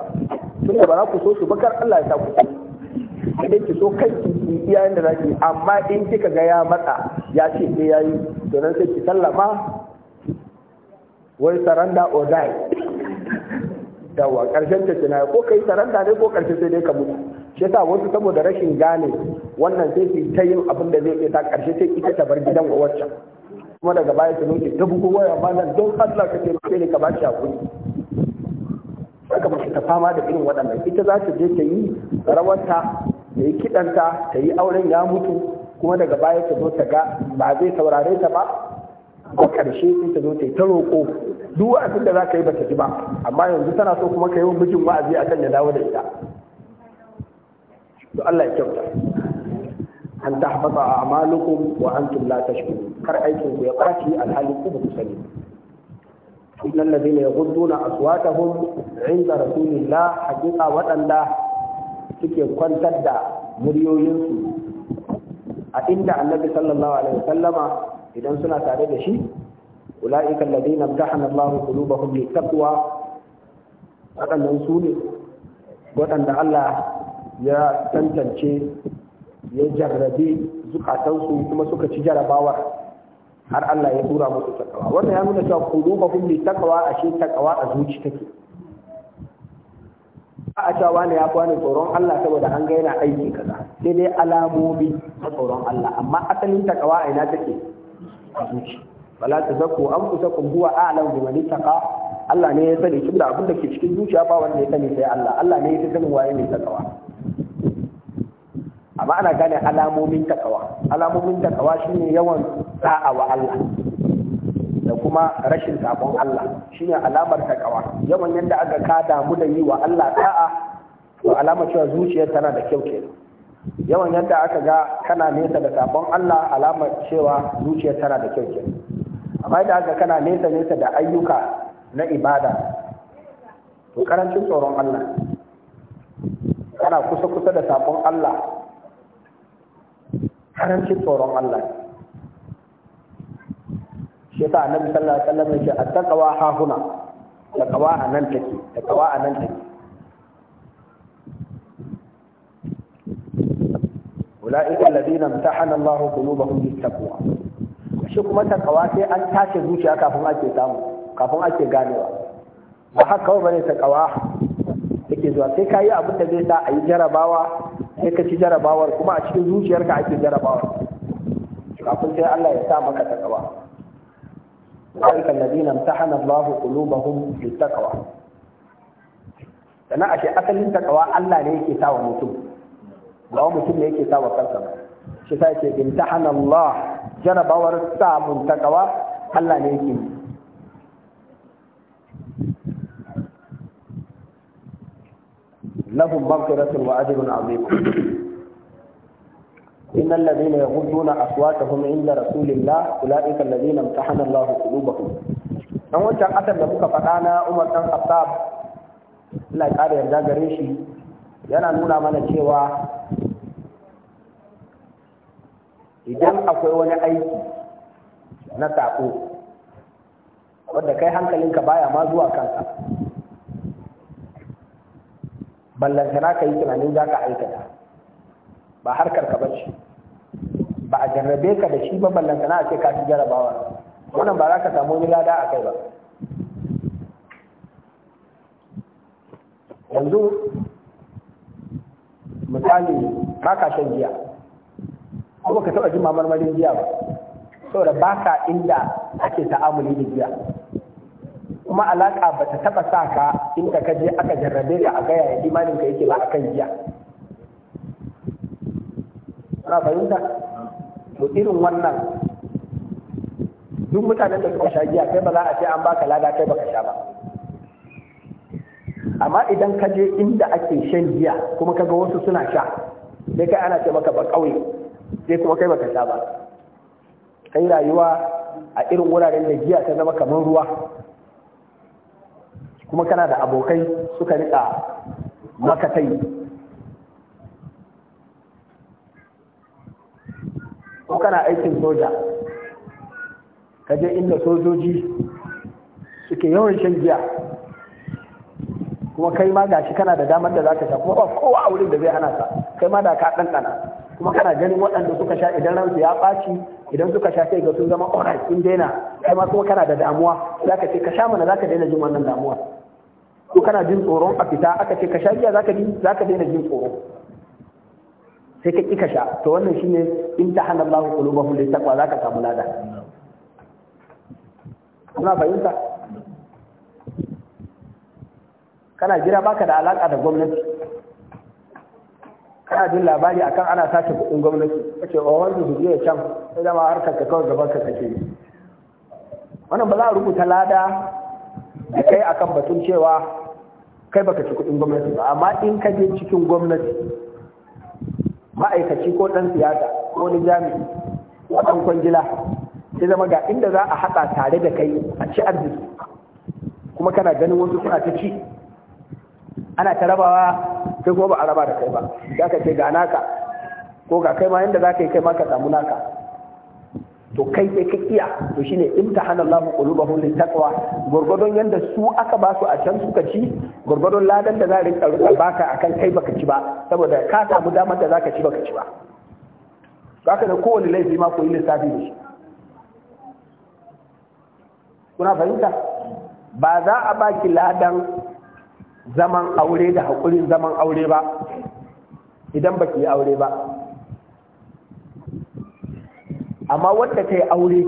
tun da ba za ku so su bakar Allah ya sa ku so sai ki so kai ki iya yanda za ki amma in kika ga ya matsa ya ce sai yayi to nan sai ki sallama wai saranda or die yawa karshen ta kina ko kai saranda ne ko karshe sai dai ka mutu shi yasa wasu saboda rashin gane wannan sai su ta yin abin da zai ta karshe sai ita ta bar gidan wa waccan kuma daga baya su nuke ta bugu waya nan don Allah ka taimake ni ka ba shi hakuri saka mace ta fama da irin waɗannan ita za ta je ta yi rawarta ta yi kiɗanta ta yi auren ya mutu kuma daga baya ta zo ta ga ba zai saurare ta ba a ƙarshe sai ta zo ta yi ta roƙo duk wa'azin da za ka yi ba ta ji ba amma yanzu tana so kuma ka yi wa mijin wa'azi akan ya dawo da ita to Allah ya kyauta an ta haɓata a amalukum wa an tum la tashkuru kar aikin ku ya ɓaci alhalin ku ba ku sani إن الذين يغضون أصواتهم عند رسول الله حقيقة وأن suke kwantar da muryoyinsu a inda annabi sallallahu alaihi wasallama idan suna tare da shi ula'ika alladhina imtahana Allahu qulubahum litaqwa wadannan su ne wadanda Allah ya tantance ya jarrabe zukatansu kuma suka ci jarabawar har Allah ya tura musu takawa wannan ya nuna cewa qulubuhum li a shi takawa a zuci take a cewa ne ya kwana tsoron Allah saboda an ga yana aiki kaza sai dai alamomi na tsoron Allah amma asalin takawa a ina take a zuci wala tazakku anfusakum huwa a'lamu man taqa Allah ne ya sani tunda abin da ke cikin zuciya ba wanda ya sani sai Allah Allah ne ya fi sanin waye ne takawa amma ana gane alamomin takawa alamomin takawa shine yawan sa'a wa Allah da kuma rashin sabon Allah shine alamar takawa yawan yadda aka ka damu da yi wa Allah sa'a. to alamar cewa zuciyar tana da kyau kenan yawan yadda aka ga kana nesa da sabon Allah alamar cewa zuciyar tana da kyau kenan amma yadda aka kana nesa nesa da ayyuka na ibada to karancin tsoron Allah kana kusa kusa da sabon Allah karancin tsoron Allah shi ta annabi sallallahu alaihi wasallam yake attaqwa ha huna taqwa anan take taqwa anan take أولئك imtahana Allahu qulubahum bit-taqwa shi kuma takawa sai an tace zuciya kafin ake samu kafin ake ganewa ba haka ba ne ta kawa yake zuwa sai ka yi abin da zai sa a yi jarabawa sai ka ci jarabawar kuma a cikin zuciyarka ake jarabawar kafin sai Allah ya sa maka takawa ذلك الذين امتحن الله قلوبهم للتقوى sannan ashe asalin takawa Allah ne yake sa wa mutum ba mutum ne yake sa wa kansa ba shi sa yake jarabawar Allah ne لهم مغفرة وأجر عظيم إن الذين يغضون أصواتهم عند رسول الله أولئك الذين امتحن الله قلوبهم dan wancan asar da muka faɗa na Umar ɗan Khattab Allah ya ƙara yarda gare shi yana nuna mana cewa idan akwai wani aiki na taɓo, wanda kai hankalinka baya ma zuwa kansa na ka yi tunanin za ka aikata ba harkar ka bace ba a jarrabe ka da shi ba ballantana a ce ka ci jarabawa wannan ba za ka samu wani lada a kai ba yanzu misali ba ka shan giya ko ka taɓa jin marmarin giya ba saboda ba ka inda ake ta'amuli da giya kuma alaka ba ta taba sa ka inda ka je aka jarrabe ka a gaya ya imanin ka yake ba a kan giya ana fahimta to irin wannan duk mutanen da suka sha giya kai ba za a ce an baka lada kai baka sha ba amma idan ka je inda ake shan giya kuma kaga wasu suna sha sai kai ana ce maka ba kauye sai kuma kai baka sha ba kai rayuwa a irin wuraren da giya ta zama kamar ruwa kuma kana da abokai suka riƙa makatai ko kana aikin soja ka je inda sojoji suke yawan shan giya kuma kai ma gashi kana da damar da za ka sha kuma ba kowa a wurin da zai hana ka kai ma da ka ɗanɗana kuma kana ganin waɗanda suka sha idan ransu ya ɓaci idan suka sha sai ga sun zama ƙorai sun daina kai ma kuma kana da damuwa za ka ce ka sha mana za ka daina jin wannan damuwa ko kana jin tsoron a fita aka ce ka sha giya zaka ji zaka daina jin tsoro sai ka ki ka sha to wannan shine in ta hana Allahu qulubahum li taqwa zaka samu lada Kana fahimta kana jira baka da alaka da gwamnati kana jin labari akan ana sace kuɗin gwamnati kace oh wannan su je can sai dama harkar ka kawai gaban ka kace wannan ba za a rubuta lada da kai akan batun cewa kai baka ci kuɗin gwamnati ba amma in ka je cikin gwamnati ma'aikaci ko ɗan siyasa ko wani jami'i ko ɗan kwangila sai zama ga inda za a haɗa tare da kai a ci arziki kuma kana ganin wasu suna ta ci ana ta rabawa sai kuma ba a raba da kai ba za ka ce ga naka ko ga kai ma yadda za ka yi kai ma ka samu naka to kai sai ka iya to shine imtahan Allahu qulubahum taqwa gurgudon yanda su aka ba su a can suka ci gurgudon ladan da za a rinka ruka baka akan kai baka ci ba saboda ka samu damar da zaka ci baka ci ba haka da kowane laifi ma koyi lissafi da shi kuna fahimta ba za a baki ladan zaman aure da haƙurin zaman aure ba idan baki yi aure ba amma wanda ta yi aure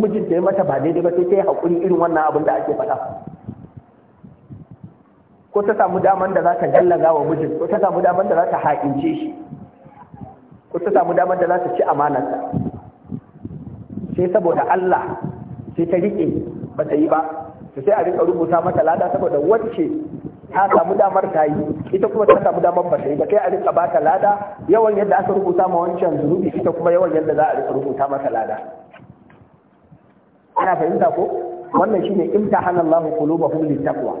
mijin da ya mata ba daidai ba sai ta yi haƙuri irin wannan abin da ake faɗa ko ta samu daman da za ta gallaga wa mijin ko ta samu daman da za ta haƙince shi ko ta samu daman da za ta ci amanarsa sai saboda Allah sai ta riƙe ba ta yi ba sai a riƙa rubuta mata lada saboda wacce ta samu damar ta yi ita kuma ta samu damar ba ta yi ba kai a rika ta lada yawan yadda aka rubuta ma wancan zunubi ita kuma yawan yadda za a rika rubuta masa lada ana fahimta ko wannan shine imtahana Allah qulubahum littaqwa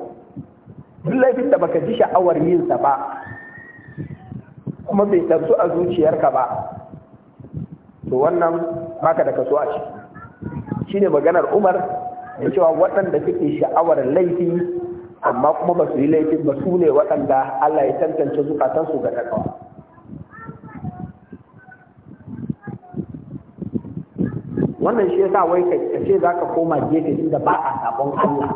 duk laifin da baka ji sha'awar yin sa ba kuma bai tarsu a zuciyarka ba to wannan baka da kaso a ciki shine maganar Umar da cewa waɗanda suke sha'awar laifi amma kuma ba su yi laifin ba su ne waɗanda Allah ya tantance zukatansu ga takawa wannan shi yasa wai ka ce za ka koma gefe inda ba a sabon Allah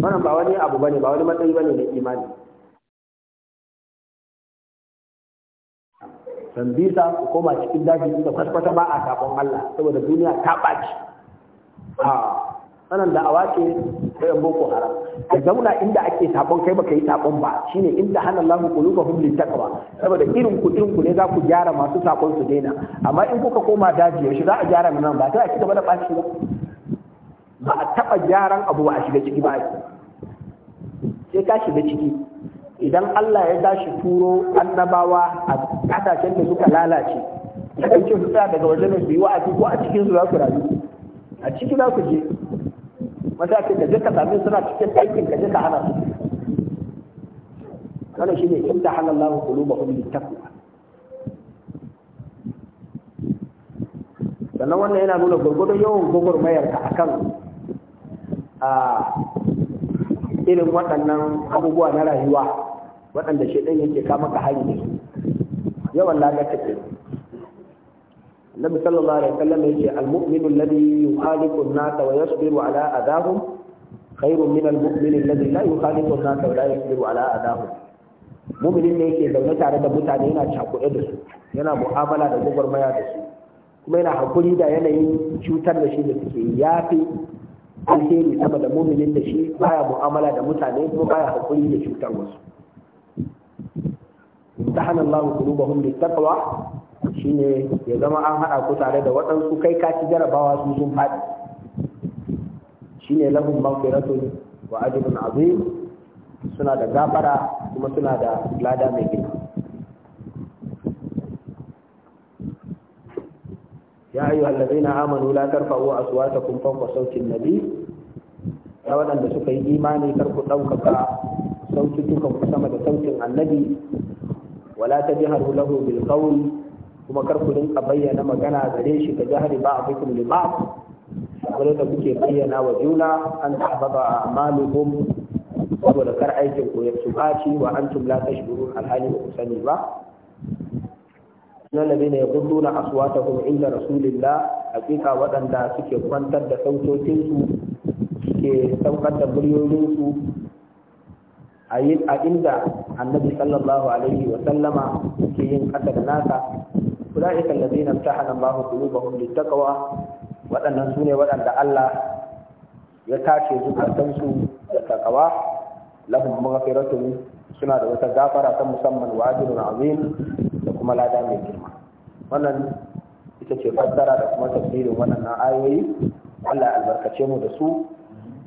wannan ba wani abu bane ba wani matsayi bane na imani san bisa ku koma cikin daji inda kwaskwata ba a sabon Allah saboda duniya ta ɓaci ah. sanan da ce da yan boko haram a zauna inda ake sabon kai baka yi sabon ba shine inda hana Allahu qulubahum littaqwa saboda irin ku irin ku ne za ku gyara masu sabon su daina amma in kuka koma daji yaushe za a gyara nan ba ta ake gaba da bashi ba ba a taba gyaran abu ba a shiga ciki ba sai ka shiga ciki idan Allah ya tashi turo annabawa a kasashen da suka lalace ya ce su daga wajen su yi wa'azi ko a cikin su za su rayu a ciki za ku je wata ce da je ka suna cikin aikin da je hana su wannan shine inda halallahu qulubahum littaqwa sannan wannan yana nuna gurgurdon yawan gurgurmayarka akan a irin waɗannan abubuwa na rayuwa waɗanda shaidan yake kama ka hari da su yawan ta ke النبي صلى الله عليه وسلم يجي المؤمن الذي يخالف الناس ويصبر على اذاهم خير من المؤمن الذي لا يخالف الناس ولا يصبر على اذاهم. مؤمن اللي يجي لو نتعرى دبوتا دينا شاكو إدرس ينا مؤاملة دبوبر مياتس كما ينا حقولي دا ينا يشوتر لشيء يتكي يافي alheri sama da muminin da shi baya mu'amala da mutane kuma baya hakuri da cutar wasu. Subhanallahu qulubuhum li shine ya zama an haɗa ku tare da waɗansu kai ka ci jarabawa su sun faɗi shine lahum maghfiratun wa ajrun azim suna da gafara kuma suna da lada mai gina ya ayyuhal ladzina amanu la tarfa'u aswatakum fawqa sawti an-nabi ya waɗanda suka yi imani kar ku ɗaukaka sautukan ku sama da sautin annabi wala tajharu lahu bil kuma kar ku rinka bayyana magana gare shi ka jahari ba a bikin lima kamar da kuke bayyana wa juna an ba a amalukum saboda kar aikin ku ya tsubaci wa tumla ta shiru alhali ba ku sani ba nan da ne yaquluna kuma inda rasulillah hakika waɗanda suke kwantar da sautokinsu suke saukar da muryoyinsu a inda annabi sallallahu alaihi wa sallama ke yin kasar da nasa ulaika allazina imtahana Allahu qulubahum littaqwa wadannan sune wadanda Allah ya tace zukatan su da takawa lahum maghfiratun suna da wata gafara ta musamman wa ajrun azim da kuma lada mai girma wannan ita ce fassara da kuma tafsirin waɗannan ayoyi Allah albarkace mu da su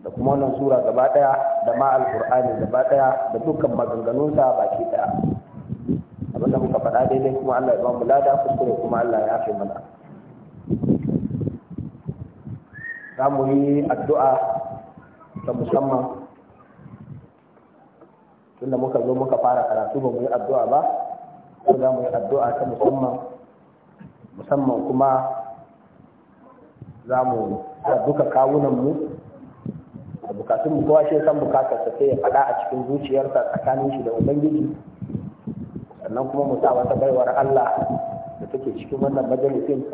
da kuma wannan sura gaba daya da ma alqur'ani gaba daya da dukkan maganganunsa baki ɗaya. abinda muka faɗa daidai kuma Allah ya ba lada kuskure kuma Allah ya fi mana za mu yi addu'a ta musamman tunda muka zo muka fara karatu ba mu yi addu'a ba ko za mu yi addu'a ta musamman musamman kuma za mu duka kawunanmu da bukatun mu kowa shi san sai ya faɗa a cikin zuciyarsa tsakanin shi da ubangiji sannan kuma mu sa wata baiwar Allah da take cikin wannan majalisin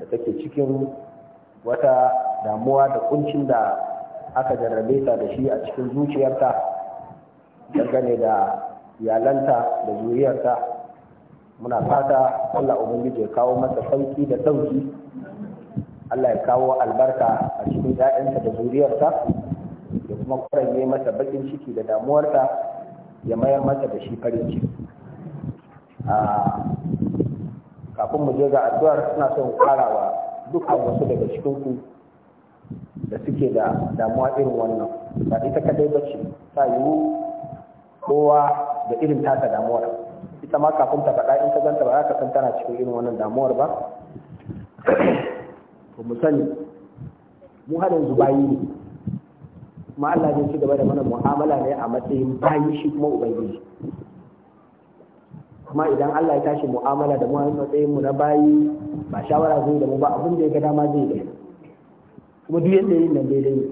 da take cikin wata damuwa da kuncin da aka jarrabe ta da shi a cikin zuciyarta dangane da iyalanta da zuriyarta muna fata Allah ubangiji ya kawo masa sauki da sauki Allah ya kawo albarka a cikin ɗayanta da zuriyarta ya kuma kwarage masa bakin ciki da damuwarta ya mayar masa da shi farin ciki kafin mu je ga addu'ar suna son karawa dukkan wasu daga cikinku da suke da damuwa irin wannan ba ita kadai ba ce ta yiwu kowa da irin tasa damuwar ita ma kafin ta faɗa in ta ganta ba za ka san tana cikin irin wannan damuwar ba Ko mu sani mu halin yanzu bayi ne kuma Allah zai ci gaba da mana mu'amala ne a matsayin bayi shi kuma ubangiji amma idan Allah ya tashi mu'amala da mu matsayin mu na bayi ba shawara zai da mu ba abin da ya ga dama zai da kuma duk yadda yin nan daidai ne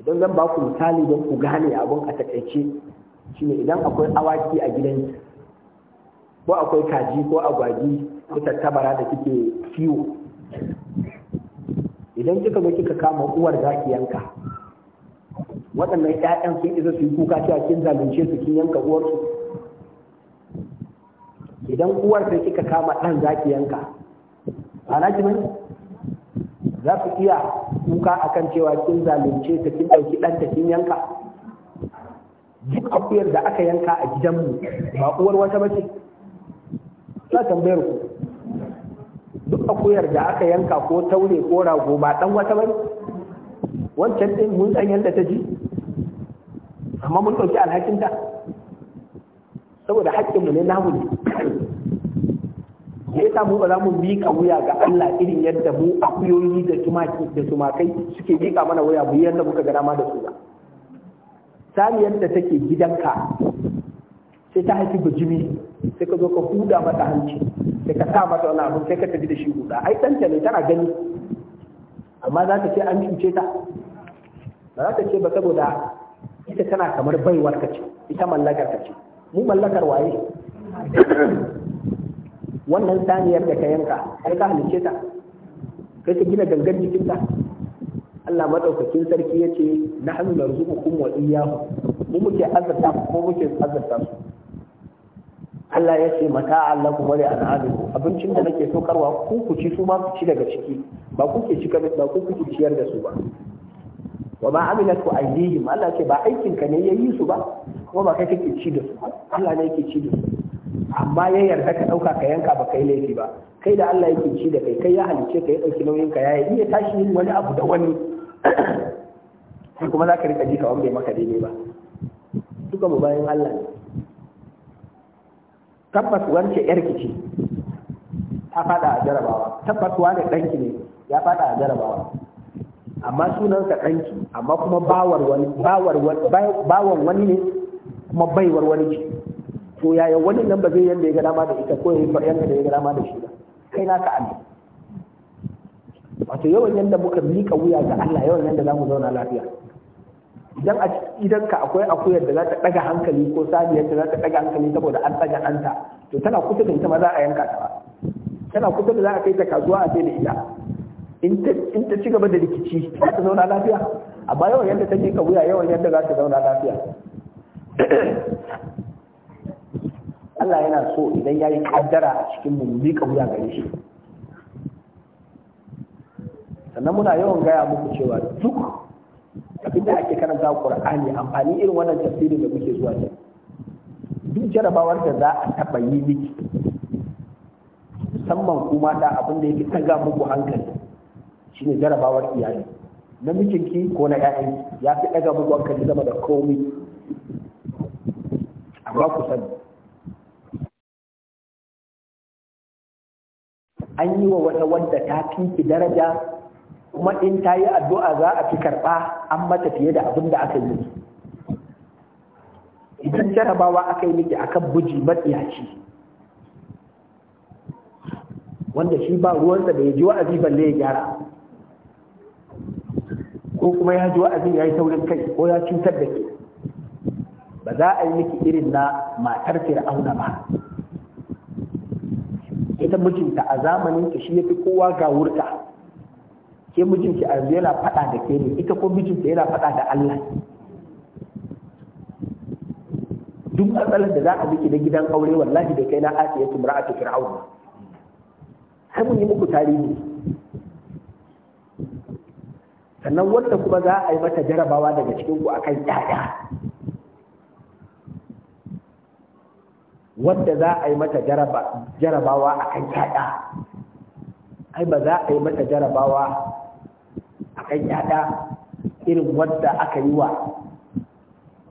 idan zan ba ku misali don ku gane abin a takaice shine idan akwai awaki a gidanki ko akwai kaji ko agwagi ko tattabara da kike kiwo idan kika zo kika kama uwar ki yanka waɗannan 'ya'yan sun isa su yi kuka cewa kin zalunce su kin yanka uwarsu idan uwar sai kika kama ɗan zaki yanka a na bane za ku iya kuka a kan cewa kin zalunce ta kin ɗauki ɗan ta kin yanka duk akuyar da aka yanka a gidanmu ba uwar wata bace za tambayar ku duk akuyar da aka yanka ko taure ko rago ba ɗan wata ne? wancan ɗin mun san yadda ta ji amma mun ɗauki alhakinta saboda haƙƙinmu ne namu ne ya yasa mu ba za mu miƙa wuya ga Allah irin yadda mu akuyoyi da tumaki da tumakai suke miƙa mana wuya mu yadda muka gana ma da su ba Sani yadda take gidanka sai ta haifi bijimi sai ka zo ka huda mata hanci sai ka sa mata wani abu sai ka tafi da shi huda ai ɗanta ne tana gani amma za ta ce an cuce ta ba za ta ce ba saboda ita tana kamar baiwar ka ce ita mallakar ka ce mu mallakar waye wannan saniyar da ka yanka ai ka halice ta kai ka gina gangan jikinta Allah madaukakin sarki ya ce na hannu da rizuku kuma wa iyahu mu muke azarta ko muke azarta su Allah ya ce mata Allah kuma da al'adu abincin da nake karwa ku ku ci su ma ku ci daga ciki ba ku ke ka ba ku ke ciyar da su ba wa ma amilat ku aidihim Allah ce ba aikin ka ne yayi su ba kuma ba kai kake ci da su Allah ne yake ci da su amma ya yarda ka ɗauka ka yanka ba kai laifi ba kai da Allah yake ci da kai kai ya halice ka ya ɗauki nauyin ka ya iya tashi yin wani abu da wani sai kuma za ka rika ji kawan bai maka daidai ba duka mu bayan Allah ne tabbas wance yarki ce ta fada a jarabawa tabbas wani ɗanki ne ya fada a jarabawa amma sunansa ɗanki amma kuma bawar wani bawar wani ne kuma baiwar wani ce to yaya wani nan ba zai yanda ya ga dama da ita ko ya yi yanda da ya ga dama da shi ba kai naka Allah wato yawan yanda muka mika wuya ga Allah yawan yanda za mu zauna lafiya idan a idan ka akwai akuyar da za ta daga hankali ko saniyar da za ta daga hankali saboda an tsaga anta to tana kusa da ita ma za a yanka ta ba tana kusa da za a kai ta kasuwa a sai da ita in ta ci gaba da rikici za ta zauna lafiya amma yawan yadda ta miƙa wuya yawan yadda za ta zauna lafiya Allah yana so idan ya yi kaddara a cikin mu miƙa wuya gare shi sannan muna yawan gaya muku cewa duk abinda ake karanta ra'ani amfani irin wannan tafsirin da muke zuwa can duk jarabawar da za a taɓa yi miki musamman kuma da abin da yake taga muku hankali shine jarabawar iyali na mijinki ko na ƴaƴanki ya fi ɗaga muku hankali zama da komai amma ku sani an yi wa wata wanda ta fi daraja kuma in ta yi addu'a za a fi karɓa an mata fiye da abin da aka yi idan jarabawa aka yi miki akan buji matsiyaci wanda shi ba ruwansa da ya ji wa'azi balle ya gyara ko kuma ya ji wa'azi ya yi saurin kai ko ya cutar da ke ba za a yi miki irin na matar fir'auna ba ita mijinta a zamanin ta shi fi kowa ga wurta ke mijinta a yana faɗa da ke ne ita ko mijinta yana faɗa da Allah duk matsalar da za a biki na gidan aure wallahi da kai na ake yake tumra ake fir'aun sai mun yi muku tarihi sannan wanda kuma za a yi mata jarabawa daga cikin ku akan ƴaƴa wadda za a yi mata jarabawa a kan yaɗa ai ba za a yi mata jarabawa a kan irin wanda aka yi wa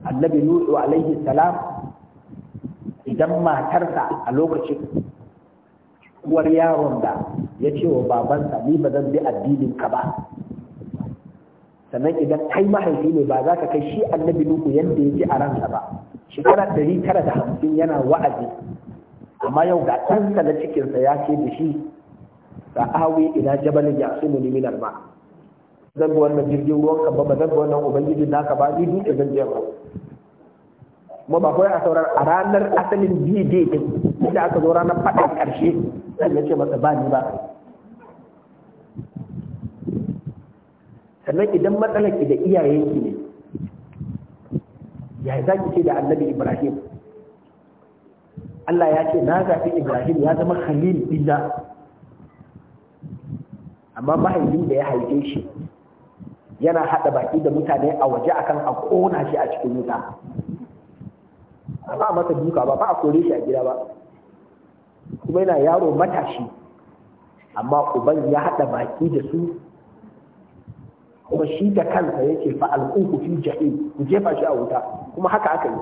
annabi nuhu alaihi salam idan matarsa a lokacin uwar yaron da ya ce wa babansa ni ba zan bi addinin ka ba sannan idan kai mahaifi ne ba za ka kai shi annabi nuhu yadda ya ji a ransa ba shekara ɗari tara da hamsin yana wa'azi amma yau ga ɗansa na cikinsa ya ce da shi ga awi ila jabal ya su mu minar ba zan bi wannan jirgin ruwan ka ba ba zan bi wannan ubangijin naka ba ni dutse zan je ba kuma ba kawai a sauran a ranar asalin biye din inda aka zo ranar faɗin ƙarshe zan ya ce masa ba ni ba sannan idan matsalar ki da iyayenki ne ya yi zaki ce da annabi ibrahim Allah ya ce na zaɓi ibrahim ya zama halil billah amma mahaifin da ya haife shi yana haɗa baki da mutane a waje akan a ƙona shi a cikin wuta ba a masa duka ba ba a kore shi a gida ba kuma yana yaro matashi amma uban ya haɗa baki da su kuma shi da kansa yake fa alquhu fi jahi ku jefa shi a wuta kuma haka aka yi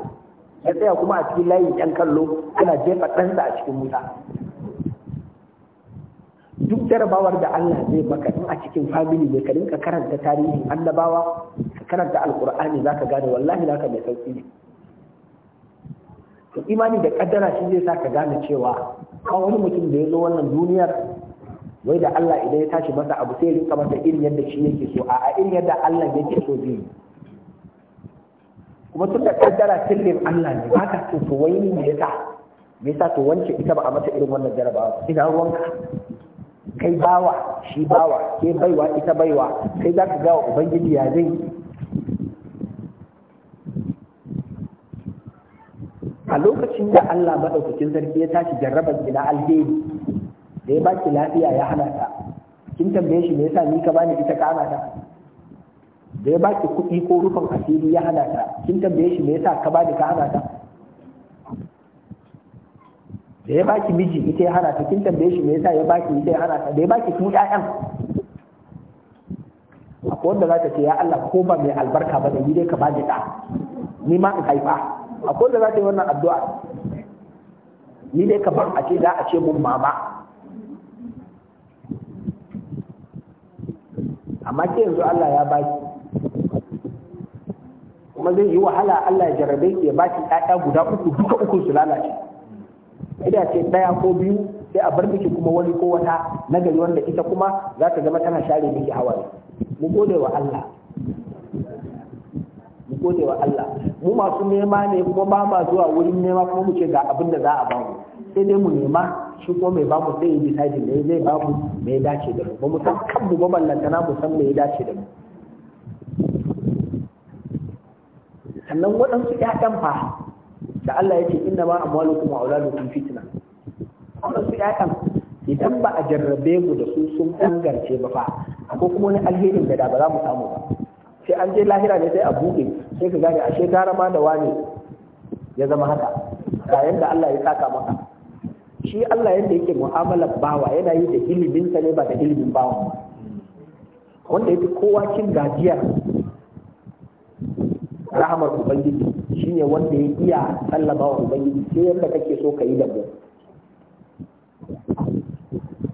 ya tsaya kuma a cikin layin yan kallo ana jefa ɗansa a cikin wuta duk jarabawar da Allah zai maka in a cikin famili ne ka rinka karanta tarihin annabawa ka karanta za ka gane wallahi naka mai sauƙi ne imani da ƙaddara shi zai sa ka gane cewa a wani mutum da ya zo wannan duniyar wai da Allah idan ya tashi masa abu sai ya rinka masa irin yadda shi yake so a irin yadda Allah yake so zai yi kuma tun da kaddara sirrin Allah ne baka so to wai ne me yasa me yasa to wance ita ba a mata irin wannan jarabawa ina ruwanka kai bawa shi bawa ke baiwa ita baiwa kai zaka ga ubangiji ya zai a lokacin da Allah madaukakin sarki ya tashi jarraban ila alheri da ya baki lafiya ya hana ta kin tambaye shi me yasa ni ka bani ita kama ta da ya baki kuɗi ko rufin asiri ya hana ta kin tambaye shi me yasa ka bani ka hana ta da ya baki miji ita ya hana ta kin tambaye shi me yasa ya baki ita ya hana ta da ya baki su ƴaƴan akwai wanda za ta ce ya Allah ko ba mai albarka ba da ni dai ka bani ɗa ni ma in haifa akwai wanda za ta yi wannan addu'a ni dai ka ban a ce za a ce mun mama amma ke yanzu Allah ya baki kuma zai yi wahala Allah ya jarabe ki ya baki ƴaƴa guda uku duka uku su lalace ida ce ɗaya ko biyu sai a bar miki kuma wani ko wata na gari wanda ita kuma za ta zama tana share miki hawa mu gode wa Allah mu gode wa Allah mu masu nema ne kuma ba ma zuwa wurin nema kuma mu ce ga abin da za a bamu sai dai mu nema shi ko mai bamu sai yi da ne zai bamu mai dace da mu ba mu san kanmu ba na mu san me dace da mu sannan waɗansu ƴaƴan fa da Allah ya ce inna ma amwalukum wa auladukum fitna waɗansu ƴaƴan idan ba a jarrabe mu da su sun dangarce ba fa ko kuma wani alherin da da ba za mu samu ba sai an je lahira ne sai a buɗe sai ka gane ashe gara ma da wani ya zama haka yayin da Allah ya saka maka shi Allah yadda yake mu'amalar bawa yana yi da iliminsa ne ba da ilimin bawa wanda yake kowa cin gajiyar rahamar ubangiji ne wanda ya iya sallama wa ubangiji sai yadda kake so ka yi da mu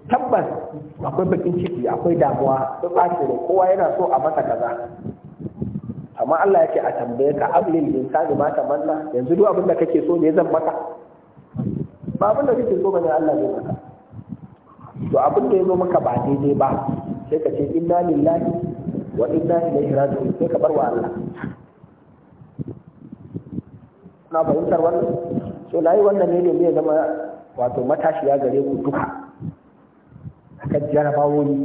tabbas akwai bakin ciki akwai damuwa duk ɓaci ne kowa yana so a masa kaza amma Allah yake a tambaye ka sa insani ma manna yanzu duk abin da kake so ne zan maka ba abin da kake so bane Allah zai maka to abin da ya maka ba daidai ba sai ka ce inna lillahi wa inna ilaihi raji'un sai ka bar wa Allah na fahimtar wannan so layi wannan ne ne ya zama wato matashiya gare ku duka akan jarabawoyi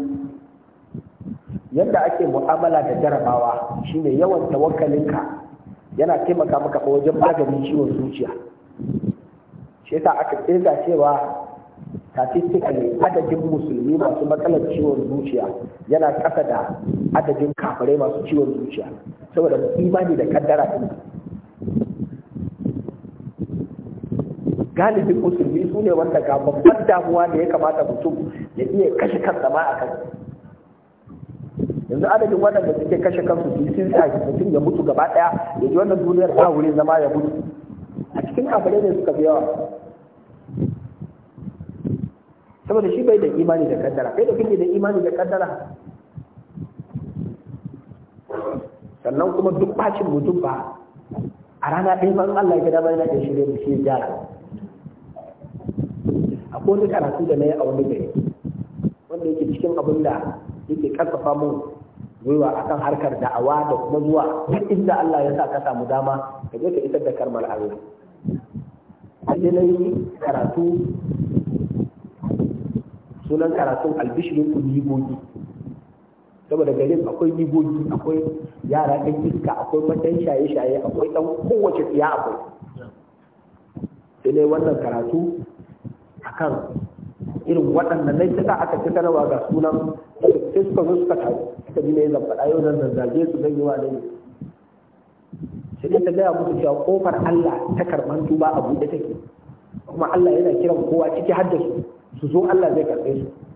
yadda ake mu'amala da jarabawa shine yawan tawakkalinka yana taimaka maka wajen magani ciwon zuciya shi yasa aka kirga cewa statistically adadin musulmi masu matsalar ciwon zuciya yana ƙasa da adadin kafirai masu ciwon zuciya saboda imani da kaddara din galibin musulmi su ne wanda ga babban damuwa da ya kamata mutum ya iya kashe kansa ma a kan yanzu adadin waɗanda suke kashe kansu su sun sa mutum ya mutu gaba ɗaya ya ji wannan duniyar ba wurin zama ya mutu a cikin kafirai ne suka fi yawa saboda shi bai da imani da kaddara kai da kake da imani da kaddara sannan kuma duk bacin mutum ba a rana ɗaya ba Allah ya dama yana da shi mu shi ya akwai wani karatu da na yi a wani gari wanda yake cikin abin da yake karfafa mun gwiwa akan harkar da'awa da kuma zuwa duk inda Allah ya sa ka samu dama ka je ka isar da karmar Allah. Sai na yi karatu sunan karatun albishirin ku nigogi saboda garin akwai nigogi akwai yara ɗan iska akwai matan shaye-shaye akwai ɗan kowace tsiya akwai sai dai wannan karatu akan irin waɗannan nai suka aka ci sanarwa ga sunan sai suka zo suka taru suka ji mai zan faɗa yau nan zazzage su zan yi wa dai sai dai ta gaya musu cewa kofar Allah ta karɓar tuba a buɗe take kuma Allah yana kiran kowa ciki har da su su zo Allah zai karɓe su